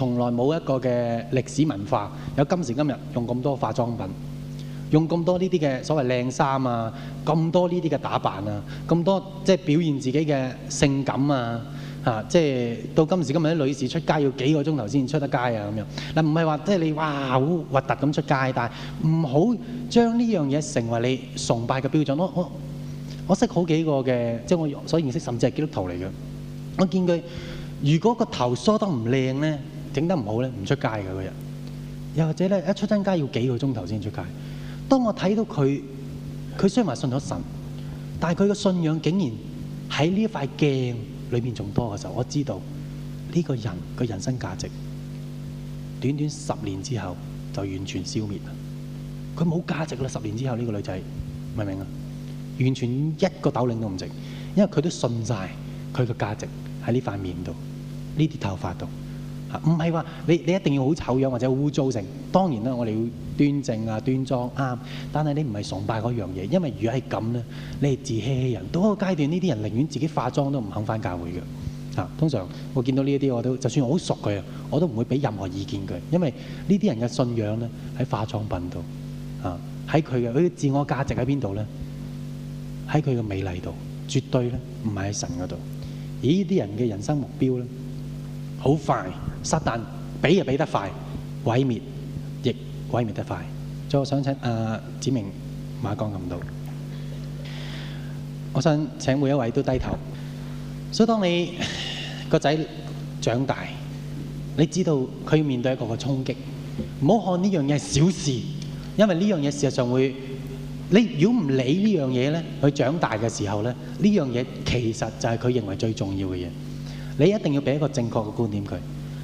從來冇一個嘅歷史文化有今時今日用咁多化妝品，用咁多呢啲嘅所謂靚衫啊，咁多呢啲嘅打扮啊，咁多即係表現自己嘅性感啊，嚇！即係到今時今日，啲女士出街要幾個鐘頭先出得街啊咁樣。嗱，唔係話即係你哇好核突咁出街，但係唔好將呢樣嘢成為你崇拜嘅標準。我我我識好幾個嘅，即係我所認識，甚至係基督徒嚟嘅。我見佢如果個頭梳得唔靚咧。整得唔好咧，唔出街嘅嗰人，又或者咧一出親街要幾個鐘頭先出街。當我睇到佢，佢雖然話信咗神，但係佢嘅信仰竟然喺呢塊鏡裏面仲多嘅時候，我知道呢個人嘅人生價值，短短十年之後就完全消滅啦！佢冇價值啦！十年之後呢個女仔明唔明啊？完全一個斗零都唔值，因為佢都信晒佢嘅價值喺呢塊面度、呢啲頭髮度。唔係話你你一定要好醜樣或者污糟性。當然啦，我哋要端正啊、端莊啱。但係你唔係崇拜嗰樣嘢，因為如果係咁咧，你係自欺欺人。到一個階段，呢啲人寧願自己化妝都唔肯翻教會嘅。啊，通常我見到呢一啲，我都就算我好熟佢，我都唔會俾任何意見佢，因為呢啲人嘅信仰咧喺化妝品度啊，喺佢嘅佢嘅自我價值喺邊度咧？喺佢嘅美麗度，絕對咧唔係喺神嗰度。而呢啲人嘅人生目標咧，好快。撒旦比就比得快，毀滅亦毀滅得快。所以我想請啊子明馬江咁多，我想請每一位都低頭。所、so, 以當你個仔長大，你知道佢要面對一個個衝擊，唔好看呢樣嘢係小事，因為呢樣嘢事實上會，你如果唔理呢樣嘢咧，佢長大嘅時候咧，呢樣嘢其實就係佢認為最重要嘅嘢。你一定要俾一個正確嘅觀點佢。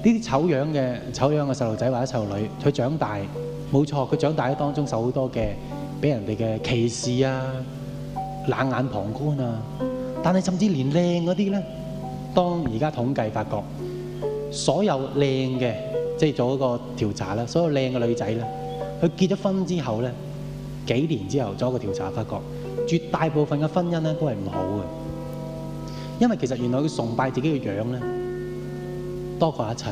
呢啲醜樣嘅醜樣嘅細路仔或者細路女，佢長大冇錯，佢長大喺當中受好多嘅俾人哋嘅歧視啊、冷眼旁觀啊。但係甚至連靚嗰啲咧，當而家統計發覺，所有靚嘅即係做一個調查啦，所有靚嘅女仔咧，佢結咗婚之後咧，幾年之後做一個調查發覺，絕大部分嘅婚姻咧都係唔好嘅，因為其實原來佢崇拜自己嘅樣咧。多過一切。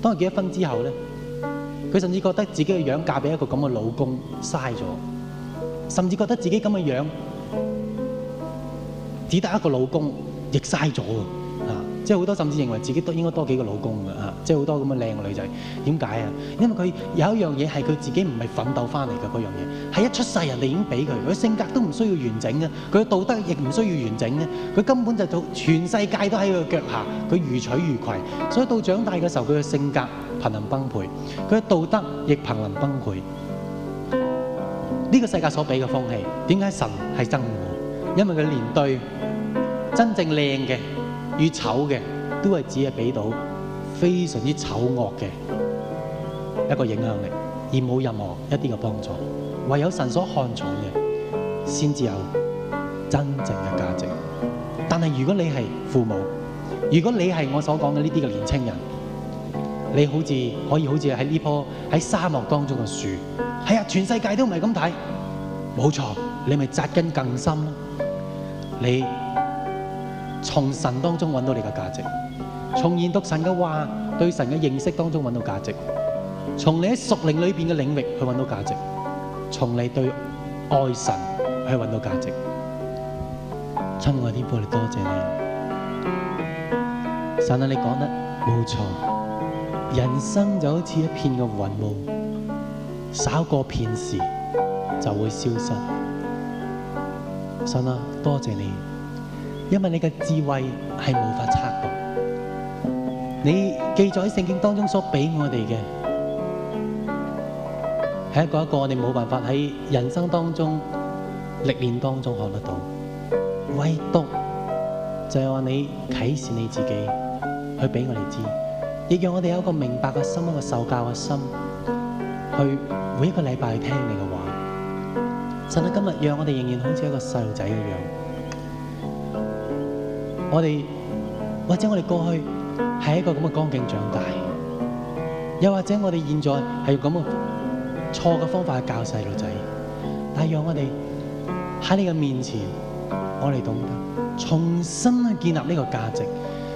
當佢結咗婚之後呢，佢甚至覺得自己嘅樣子嫁畀一個咁嘅老公嘥咗，甚至覺得自己咁嘅樣,的樣子只得一個老公亦嘥咗。即係好多甚至認為自己都應該多幾個老公嘅嚇，即係好多咁嘅靚嘅女仔，點解啊？因為佢有一樣嘢係佢自己唔係奮鬥翻嚟嘅嗰樣嘢，係一,一出世人哋已經俾佢。佢性格都唔需要完整嘅，佢嘅道德亦唔需要完整嘅，佢根本就全世界都喺佢嘅腳下，佢如取如攜。所以到長大嘅時候，佢嘅性格瀕臨崩潰，佢嘅道德亦瀕臨崩潰。呢、這個世界所俾嘅風氣，點解神係憎我，因為佢連對真正靚嘅。與醜嘅，都係只係俾到非常之醜惡嘅一個影響力，而冇任何一啲嘅幫助。唯有神所看重嘅，先至有真正嘅價值。但係如果你係父母，如果你係我所講嘅呢啲嘅年輕人，你好似可以好似喺呢棵喺沙漠當中嘅樹，係、哎、啊，全世界都唔係咁睇，冇錯，你咪扎根更深囉，你。從神當中揾到你嘅價值，從研讀神嘅話、對神嘅認識當中揾到價值，從你喺屬靈裏邊嘅領域去揾到價值，從你對愛神去揾到價值。親愛的玻你多謝你，神啊，你講得冇錯，人生就好似一片嘅雲霧，稍過片時就會消失。神啊，多謝你。因為你嘅智慧係無法測度，你記載喺聖經當中所俾我哋嘅，係一個一個我哋冇辦法喺人生當中歷練當中學得到。唯獨就係話你啟示你自己，去俾我哋知，亦讓我哋有一個明白嘅心，一個受教嘅心，去每一個禮拜去聽你嘅話。神啊，今日讓我哋仍然好似一個細路仔一樣。我哋或者我哋過去係一個咁嘅光景長大，又或者我哋現在係用咁嘅錯嘅方法去教細路仔，但係讓我哋喺你嘅面前，我哋懂得重新去建立呢個價值，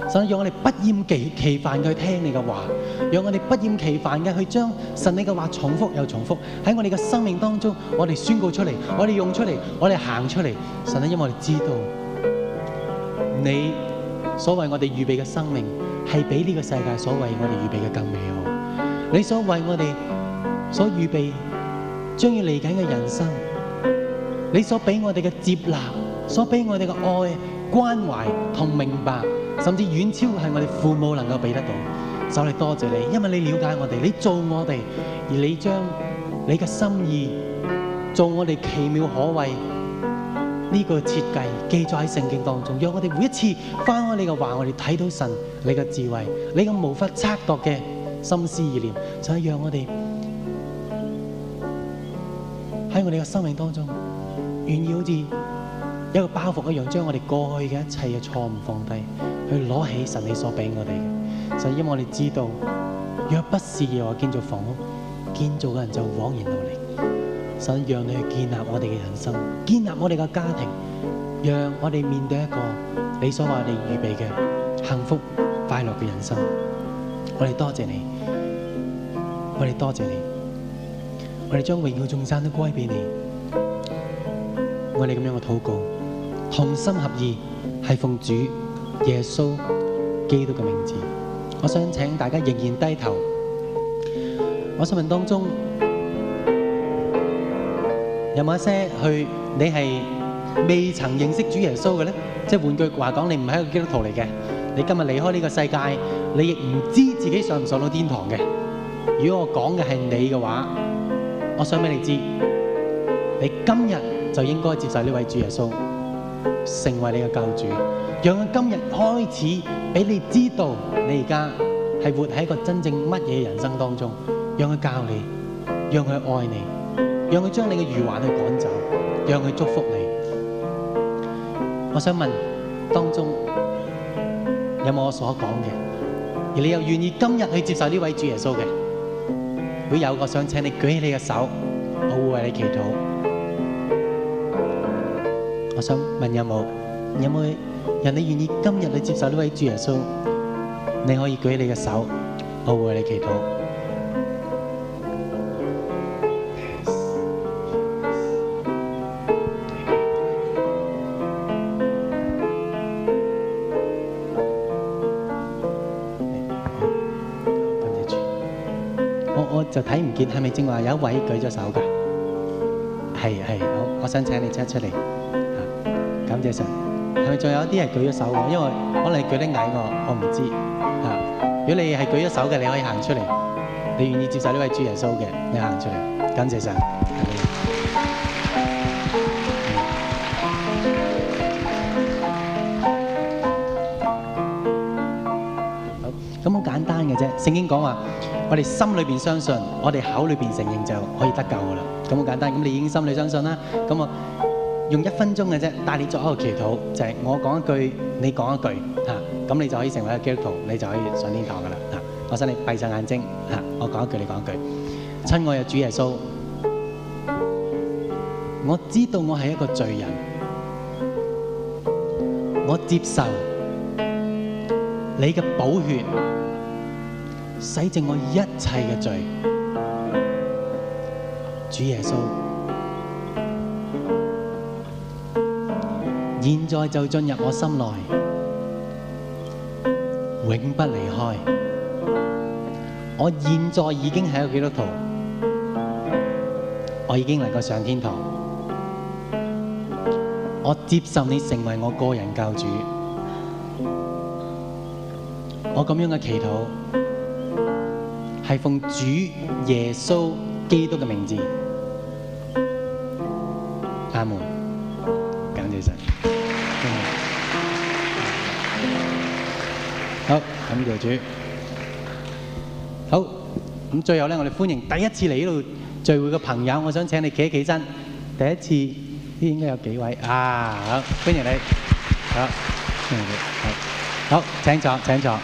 所以讓我哋不厭其其煩去聽你嘅話，讓我哋不厭其煩嘅去，去將神你嘅話重複又重複喺我哋嘅生命當中，我哋宣告出嚟，我哋用出嚟，我哋行出嚟，神啊，因為我哋知道。你所為我哋預備嘅生命，係比呢個世界所為我哋預備嘅更美好。你所為我哋所預備，將要嚟緊嘅人生，你所俾我哋嘅接納，所俾我哋嘅愛、關懷同明白，甚至遠超係我哋父母能夠俾得到。首先多謝你，因為你了解我哋，你做我哋，而你將你嘅心意做我哋奇妙可畏。呢、這個設計記載喺聖經當中，讓我哋每一次翻開你嘅話，我哋睇到神你嘅智慧，你咁無法測度嘅心思意念，想讓我哋喺我哋嘅生命當中，願意好似一個包袱一樣，將我哋過去嘅一切嘅錯誤放低，去攞起神你所俾我哋嘅。神，因為我哋知道，若不是耶和華建造房屋，建造嘅人就枉然努力。神，讓你去建立我哋嘅人生，我哋嘅家庭，讓我哋面對一個你所話你預備嘅幸福、快樂嘅人生。我哋多謝你，我哋多謝你，我哋將榮耀眾生都歸俾你。我哋咁樣嘅禱告，同心合意，係奉主耶穌基督嘅名字。我想請大家仍然低頭。我想問當中。有冇一些去？你係未曾認識主耶穌嘅咧？即係換句話講，你唔係一個基督徒嚟嘅。你今日離開呢個世界，你亦唔知自己上唔上到天堂嘅。如果我講嘅係你嘅話，我想俾你知，你今日就應該接受呢位主耶穌成為你嘅教主，讓佢今日開始俾你知道，你而家係活喺一個真正乜嘢人生當中，讓佢教你，讓佢愛你。讓佢將你嘅憂患去趕走，讓佢祝福你。我想問當中有冇我所講嘅？而你又願意今日去接受呢位主耶穌嘅？如果有個想請你舉起你嘅手，我會為你祈禱。我想問有冇？有冇？有人你願意今日去接受呢位主耶穌？你可以舉起你嘅手，我會為你祈禱。係咪正話有一位舉咗手㗎？係係，好，我想請你出出嚟。感謝神。係咪仲有一啲係舉咗手？因為可能你舉得矮我，我唔知。嚇，如果你係舉咗手嘅，你可以行出嚟。你願意接受呢位主耶穌嘅，你行出嚟。感謝神。好，咁好簡單嘅啫。聖經講話，我哋心裏邊相信，我哋口裏邊承認就可以得救噶啦。咁好簡單，咁你已經心裏相信啦。咁我用一分鐘嘅啫，帶你作一個祈禱，就係我講一句，你講一句，吓咁你就可以成為一個基督徒，你就可以上天堂噶啦。吓，我想你閉上眼睛，吓我講一句，你講一句，親愛嘅主耶穌，我知道我係一個罪人，我接受你嘅寶血。洗淨我一切嘅罪，主耶穌，現在就進入我心內，永不離開。我現在已經係咗基督徒，我已經能夠上天堂，我接受你成為我個人救主，我咁樣嘅祈禱，係奉主耶穌基督嘅名字，阿門。感謝神。好，感謝主。好，咁最後咧，我哋歡迎第一次嚟呢度聚會嘅朋友，我想請你企起身。第一次，呢應該有幾位啊？好，歡迎你。好，歡迎你，好，請坐，請坐。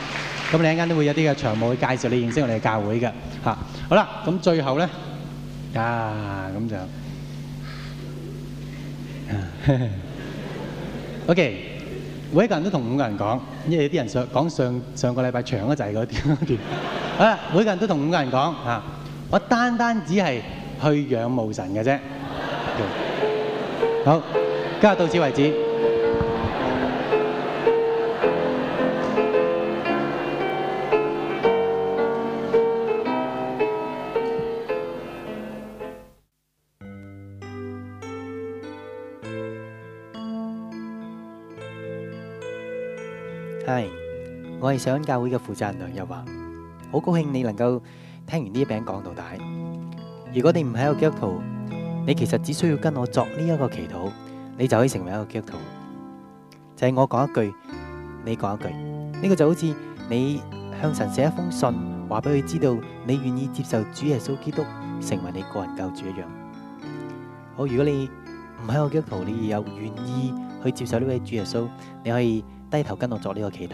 咁你兩間都會有啲嘅長幕去介紹你認識我哋嘅教會㗎。好啦，咁最後呢，啊咁就 OK，每一個人都同五個人講，因為有啲人上講上上個禮拜長啊就係嗰段。啊，每一個人都同五個人講啊，我單單只係去仰慕神嘅啫。好，今日到此為止。我係社恩教會嘅負責人，梁日華好高興你能夠聽完呢一篇講到大如果你唔係一個基督徒，你其實只需要跟我作呢一個祈禱，你就可以成為一個基督徒。就係我講一句，你講一句，呢個就好似你向神寫一封信，話俾佢知道你願意接受主耶穌基督成為你個人救主一樣。好，如果你唔係一個基督徒，你又願意去接受呢位主耶穌，你可以低頭跟我作呢個祈禱。